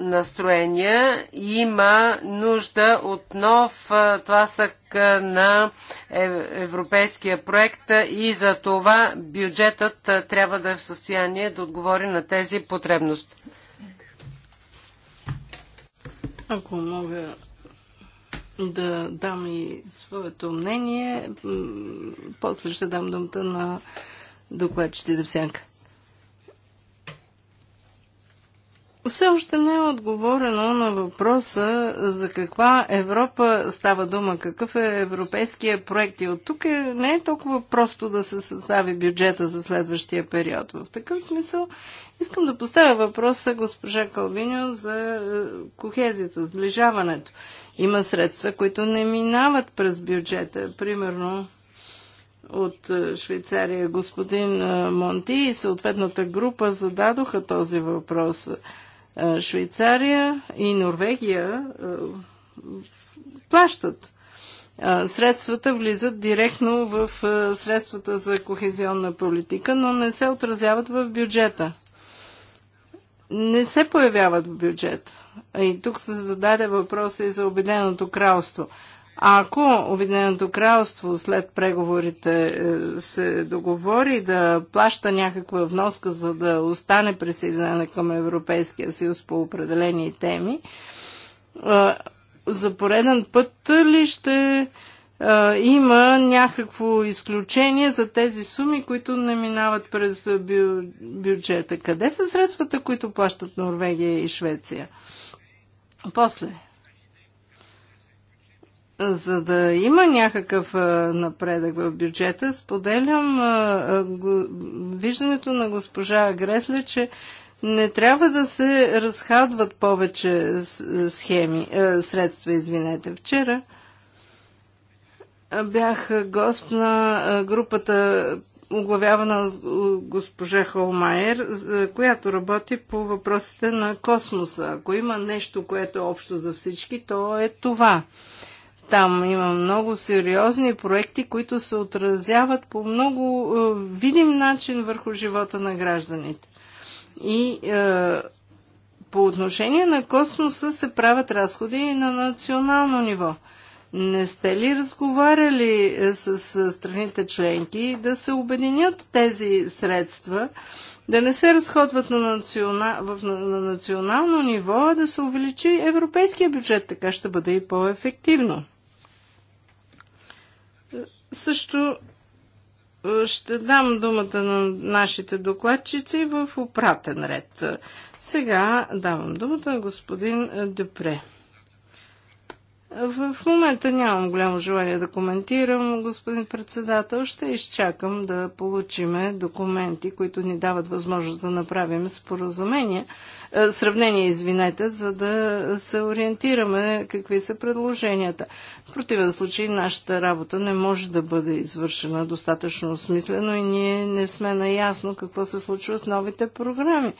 настроения, има нужда от нов тласък на европейския проект и за това бюджетът трябва да е в състояние да отговори на тези потребности. Ако мога да дам и своето мнение. После ще дам думата на докладчите да Все още не е отговорено на въпроса за каква Европа става дума, какъв е европейския проект. И от тук е, не е толкова просто да се състави бюджета за следващия период. В такъв смисъл искам да поставя въпроса госпожа Калвиньо за е, кохезията, сближаването. Има средства, които не минават през бюджета. Примерно от е, Швейцария господин е, Монти и съответната група зададоха този въпрос. Е, Швейцария и Норвегия плащат. Средствата влизат директно в средствата за кохезионна политика, но не се отразяват в бюджета. Не се появяват в бюджета. И тук се зададе въпроса и за Обединеното кралство. А ако Обединеното кралство след преговорите е, се договори да плаща някаква вноска, за да остане присъединена към Европейския съюз по определени теми, е, за пореден път ли ще е, има някакво изключение за тези суми, които не минават през е, бюджета. Къде са средствата, които плащат Норвегия и Швеция? После. За да има някакъв е, напредък в бюджета, споделям виждането на госпожа Гресле, че не трябва да се разхадват повече схеми, средства, извинете. Вчера Бях гост на групата оглавявана госпожа Холмайер, която работи по въпросите на космоса. Ако има нещо, което е общо за всички, то е това. Там има много сериозни проекти, които се отразяват по много видим начин върху живота на гражданите. И е, по отношение на космоса се правят разходи и на национално ниво. Не сте ли разговаряли е, с страните членки да се обединят тези средства, да не се разходват на, национа... в... на национално ниво, а да се увеличи европейския бюджет? Така ще бъде и по-ефективно. Също е, ще дам думата на нашите докладчици в опратен ред. Сега давам думата на господин Дюпре. В момента нямам голямо желание да коментирам, господин председател. Ще изчакам да получиме документи, които ни дават възможност да направим споразумения е, сравнение, извинете, за да се ориентираме какви са предложенията. В противен случай нашата работа не може да бъде извършена достатъчно осмислено и ние не сме наясно какво се случва с новите програми.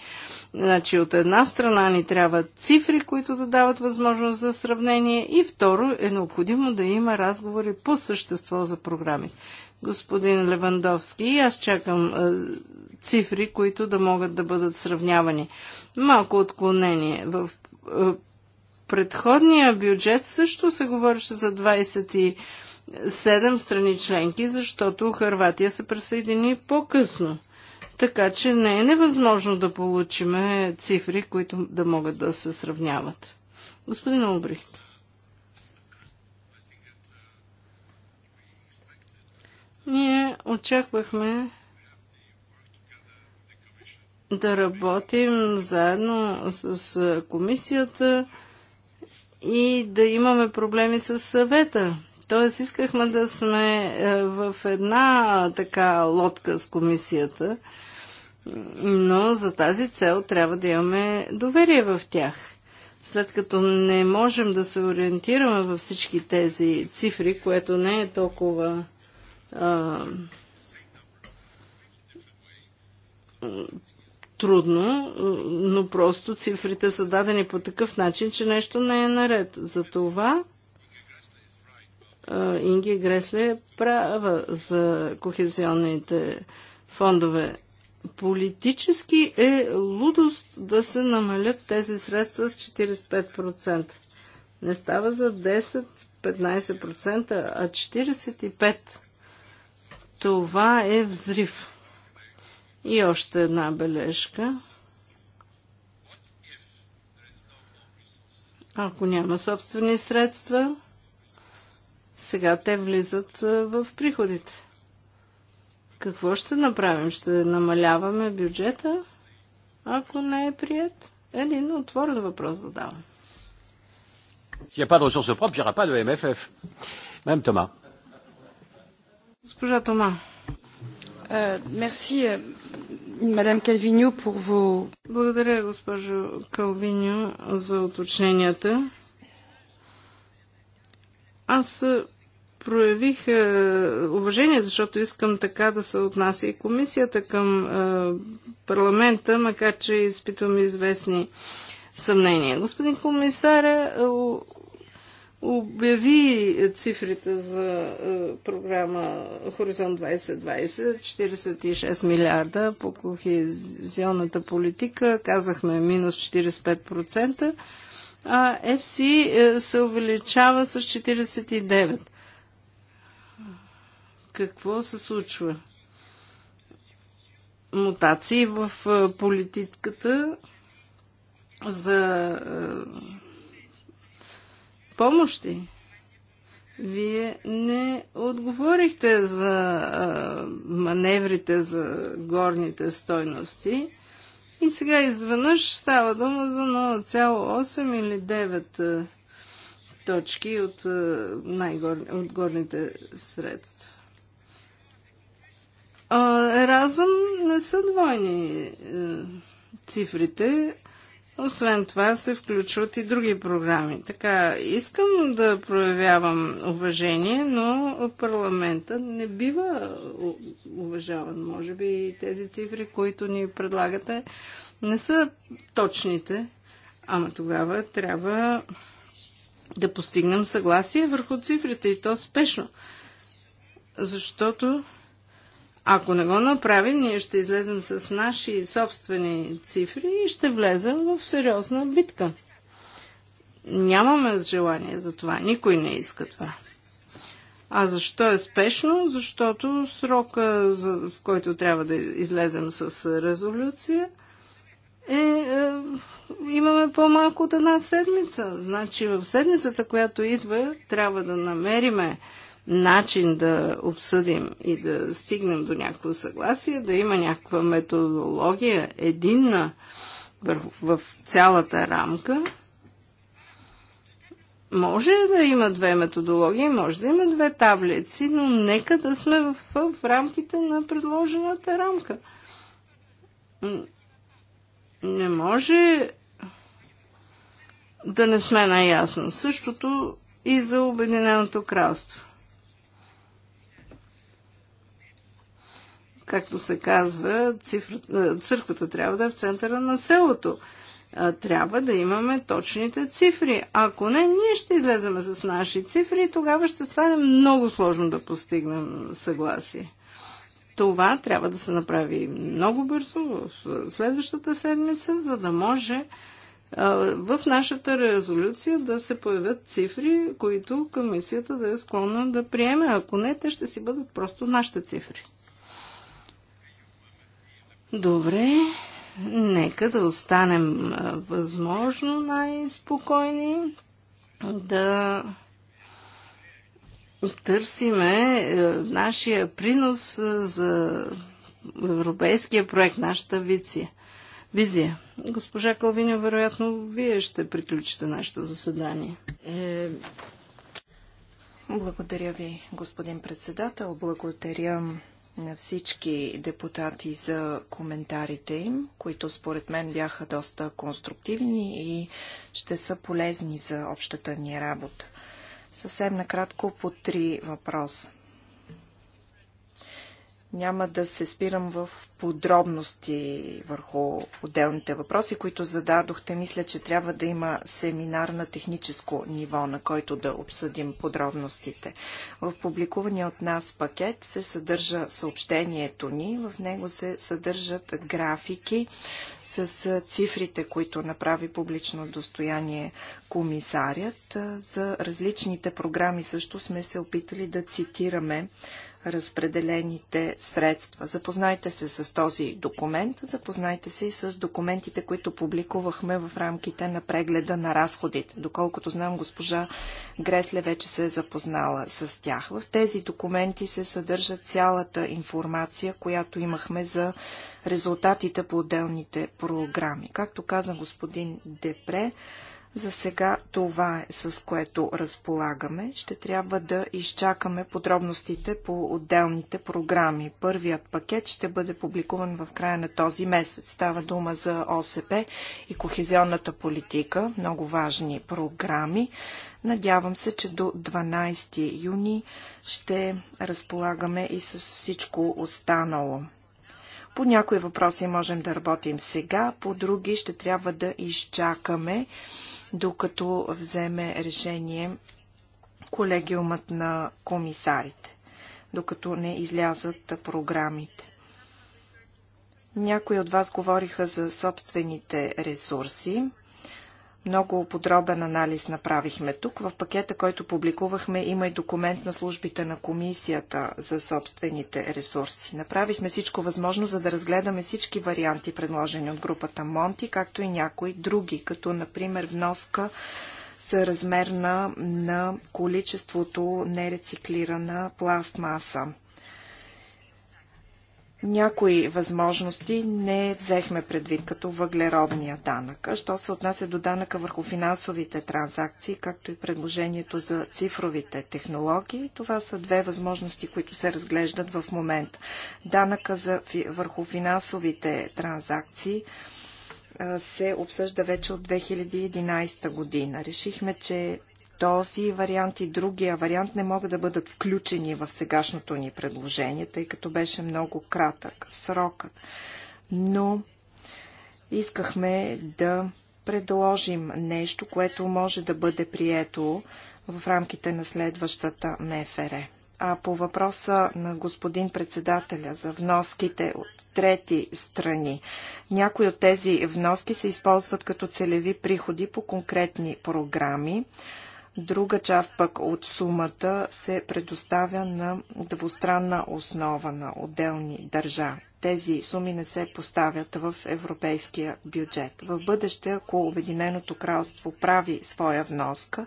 Значи от една страна ни трябват цифри, които да дават възможност за сравнение и второ е необходимо да има разговори по същество за програмите господин Левандовски. аз чакам е, цифри, които да могат да бъдат сравнявани. Малко отклонение. В е, предходния бюджет също се говореше за 27 страни членки, защото Харватия се присъедини по-късно. Така че не е невъзможно да получиме цифри, които да могат да се сравняват. Господин Обрихт. Ние очаквахме да работим заедно с комисията и да имаме проблеми с съвета. Тоест искахме да сме е, в една така лодка с комисията, но за тази цел трябва да имаме доверие в тях. След като не можем да се ориентираме във всички тези цифри, което не е толкова а, трудно, но просто цифрите са дадени по такъв начин, че нещо не е наред. Затова Инги Гресле е права за кохезионните фондове. Политически е лудост да се намалят тези средства с 45%. Не става за 10-15%, а 45%. Това е взрив. И още една бележка. Ако няма собствени средства, сега те влизат в приходите. Какво ще направим? Ще намаляваме бюджета, ако не е прият? Един отворен въпрос задавам. S'il n'y a pas проб, ressources propres, il n'y aura Госпожа Тома. Е, мерси, е, Мадам Калвиньо, pour Благодаря, госпожо Калвиньо, за уточненията. Аз проявих е, уважение, защото искам така да се отнася и комисията към е, парламента, макар че изпитвам известни съмнения. Господин комисаря, обяви цифрите за е, програма Хоризонт 2020 46 милиарда по кохезионната политика, казахме минус 45%, а FC е, се увеличава с 49. Какво се случва? Мутации в е, политиката за помощи. Вие не отговорихте за а, маневрите за горните стойности. И сега изведнъж става дума за 0,8 или 9 а, точки от, а, най-горни, от горните средства. разъм не са двойни а, цифрите. Освен това се включват и други програми. Така, искам да проявявам уважение, но парламента не бива уважаван. Може би тези цифри, които ни предлагате, не са точните, ама тогава трябва да постигнем съгласие върху цифрите и то спешно. Защото ако не го направим, ние ще излезем с наши собствени цифри и ще влезем в сериозна битка. Нямаме желание за това. Никой не иска това. А защо е спешно? Защото срока, в който трябва да излезем с резолюция, е, е, имаме по-малко от една седмица. Значи в седмицата, която идва, трябва да намериме начин да обсъдим и да стигнем до някакво съгласие, да има някаква методология единна в, в цялата рамка. Може да има две методологии, може да има две таблици, но нека да сме в, в рамките на предложената рамка. Не може да не сме наясно. Същото и за Обединеното кралство. Както се казва, цифр... Е, църквата трябва да е в центъра на селото. Е, трябва да имаме точните цифри. Ако не, ние ще излеземе с наши цифри и тогава ще стане много сложно да постигнем съгласие. Това трябва да се направи много бързо в следващата седмица, за да може е, в нашата резолюция да се появят цифри, които комисията да е склонна да приеме. Ако не, те ще си бъдат просто нашите цифри. Добре, нека да останем възможно най-спокойни, да търсиме е, нашия принос е, за европейския проект, нашата виция. Визия. Госпожа Калвиня, вероятно, вие ще приключите нашето заседание. Е, Благодаря ви, господин председател. Благодаря на всички депутати за коментарите им, които според мен бяха доста конструктивни и ще са полезни за общата ни работа. Съвсем накратко по три въпроса. Няма да се спирам в подробности върху отделните въпроси, които зададохте. Мисля, че трябва да има семинар на техническо ниво, на който да обсъдим подробностите. В публикувания от нас пакет се съдържа съобщението ни. В него се съдържат графики с цифрите, които направи публично достояние комисарят. За различните програми също сме се опитали да цитираме разпределените средства. Запознайте се с този документ, запознайте се и с документите, които публикувахме в рамките на прегледа на разходите. Доколкото знам, госпожа Гресле вече се е запознала с тях. В тези документи се съдържа цялата информация, която имахме за резултатите по отделните програми. Както каза господин Депре, за сега това е с което разполагаме. Ще трябва да изчакаме подробностите по отделните програми. Първият пакет ще бъде публикуван в края на този месец. Става дума за ОСП и кохезионната политика. Много важни програми. Надявам се, че до 12 юни ще разполагаме и с всичко останало. По някои въпроси можем да работим сега, по други ще трябва да изчакаме докато вземе решение колегиумът на комисарите, докато не излязат програмите. Някои от вас говориха за собствените ресурси. Много подробен анализ направихме тук. В пакета, който публикувахме, има и документ на службите на комисията за собствените ресурси. Направихме всичко възможно, за да разгледаме всички варианти, предложени от групата Монти, както и някои други, като например вноска съразмерна на количеството нерециклирана пластмаса. Някои възможности не взехме предвид, като въглеродния данък. що се отнася до данъка върху финансовите транзакции, както и предложението за цифровите технологии, това са две възможности, които се разглеждат в момента. Данъка за, върху финансовите транзакции се обсъжда вече от 2011 година. Решихме, че този вариант и другия вариант не могат да бъдат включени в сегашното ни предложение, тъй като беше много кратък срокът. Но искахме да предложим нещо, което може да бъде прието в рамките на следващата МФР. А по въпроса на господин председателя за вноските от трети страни, някои от тези вноски се използват като целеви приходи по конкретни програми. Друга част пък от сумата се предоставя на двустранна основа на отделни държави тези суми не се поставят в европейския бюджет. В бъдеще, ако Обединеното кралство прави своя вноска,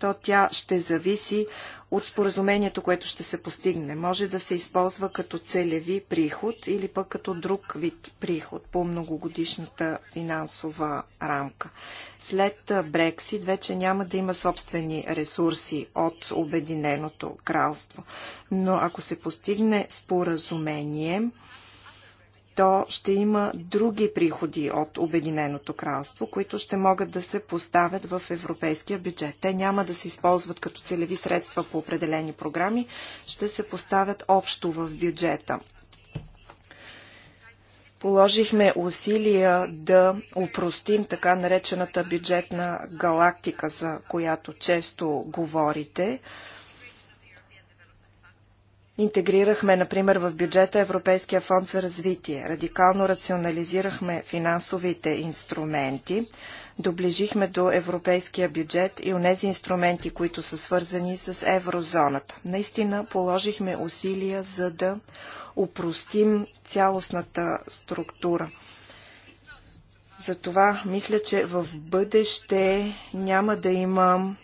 то тя ще зависи от споразумението, което ще се постигне. Може да се използва като целеви приход или пък като друг вид приход по многогодишната финансова рамка. След Брексит вече няма да има собствени ресурси от Обединеното кралство. Но ако се постигне споразумение, то ще има други приходи от Обединеното кралство, които ще могат да се поставят в европейския бюджет. Те няма да се използват като целеви средства по определени програми, ще се поставят общо в бюджета. Положихме усилия да упростим така наречената бюджетна галактика, за която често говорите. Интегрирахме, например, в бюджета Европейския фонд за развитие. Радикално рационализирахме финансовите инструменти. Доближихме до европейския бюджет и онези инструменти, които са свързани с еврозоната. Наистина положихме усилия за да упростим цялостната структура. Затова мисля, че в бъдеще няма да има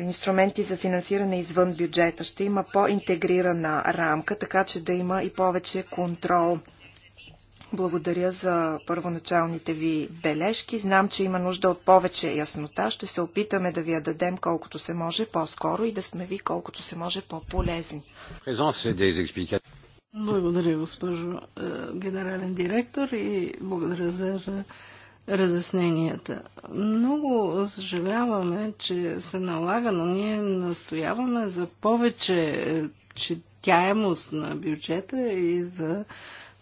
инструменти за финансиране извън бюджета. Ще има по-интегрирана рамка, така че да има и повече контрол. Благодаря за първоначалните ви бележки. Знам, че има нужда от повече яснота. Ще се опитаме да ви я дадем колкото се може по-скоро и да сме ви колкото се може по-полезни. Благодаря, госпожо е, генерален директор и благодаря за разясненията. Много съжаляваме, че се налага, но ние настояваме за повече четяемост на бюджета и за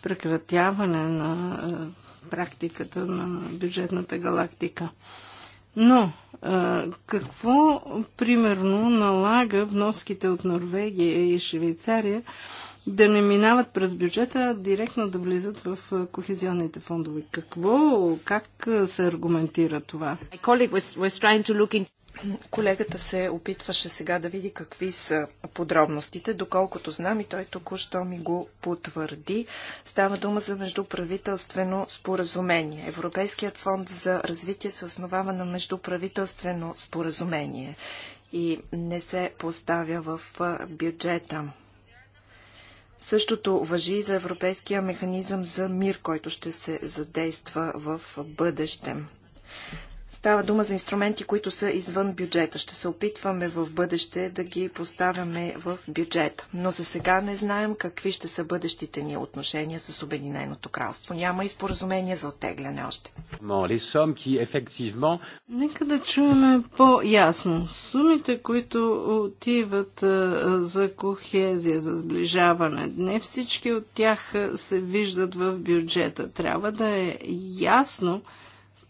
прекратяване на е, практиката на бюджетната галактика. Но е, какво примерно налага вноските от Норвегия и Швейцария да не минават през бюджета, а директно да влизат в кохезионните фондове. Какво, как се аргументира това? Колегата се опитваше сега да види какви са подробностите. Доколкото знам и той току-що ми го потвърди, става дума за междуправителствено споразумение. Европейският фонд за развитие се основава на междуправителствено споразумение и не се поставя в бюджета. Същото въжи и за Европейския механизъм за мир, който ще се задейства в бъдеще. Става дума за инструменти, които са извън бюджета. Ще се опитваме в бъдеще да ги поставяме в бюджета. Но за сега не знаем какви ще са бъдещите ни отношения с Обединеното кралство. Няма и споразумение за оттегляне още. Нека да чуем по-ясно сумите, които отиват за кохезия, за сближаване. Не всички от тях се виждат в бюджета. Трябва да е ясно,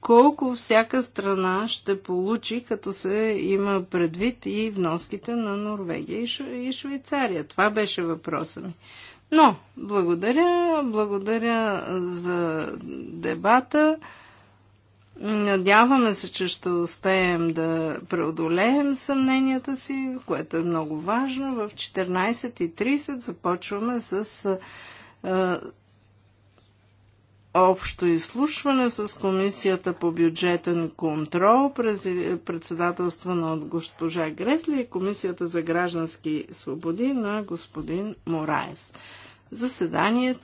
колко всяка страна ще получи, като се има предвид и вноските на Норвегия и, Швейцария. Това беше въпроса ми. Но, благодаря, благодаря за дебата. Надяваме се, че ще успеем да преодолеем съмненията си, което е много важно. В 14.30 започваме с общо изслушване с Комисията по бюджетен контрол, председателство на госпожа Гресли и Комисията за граждански свободи на господин Мораес. Заседанието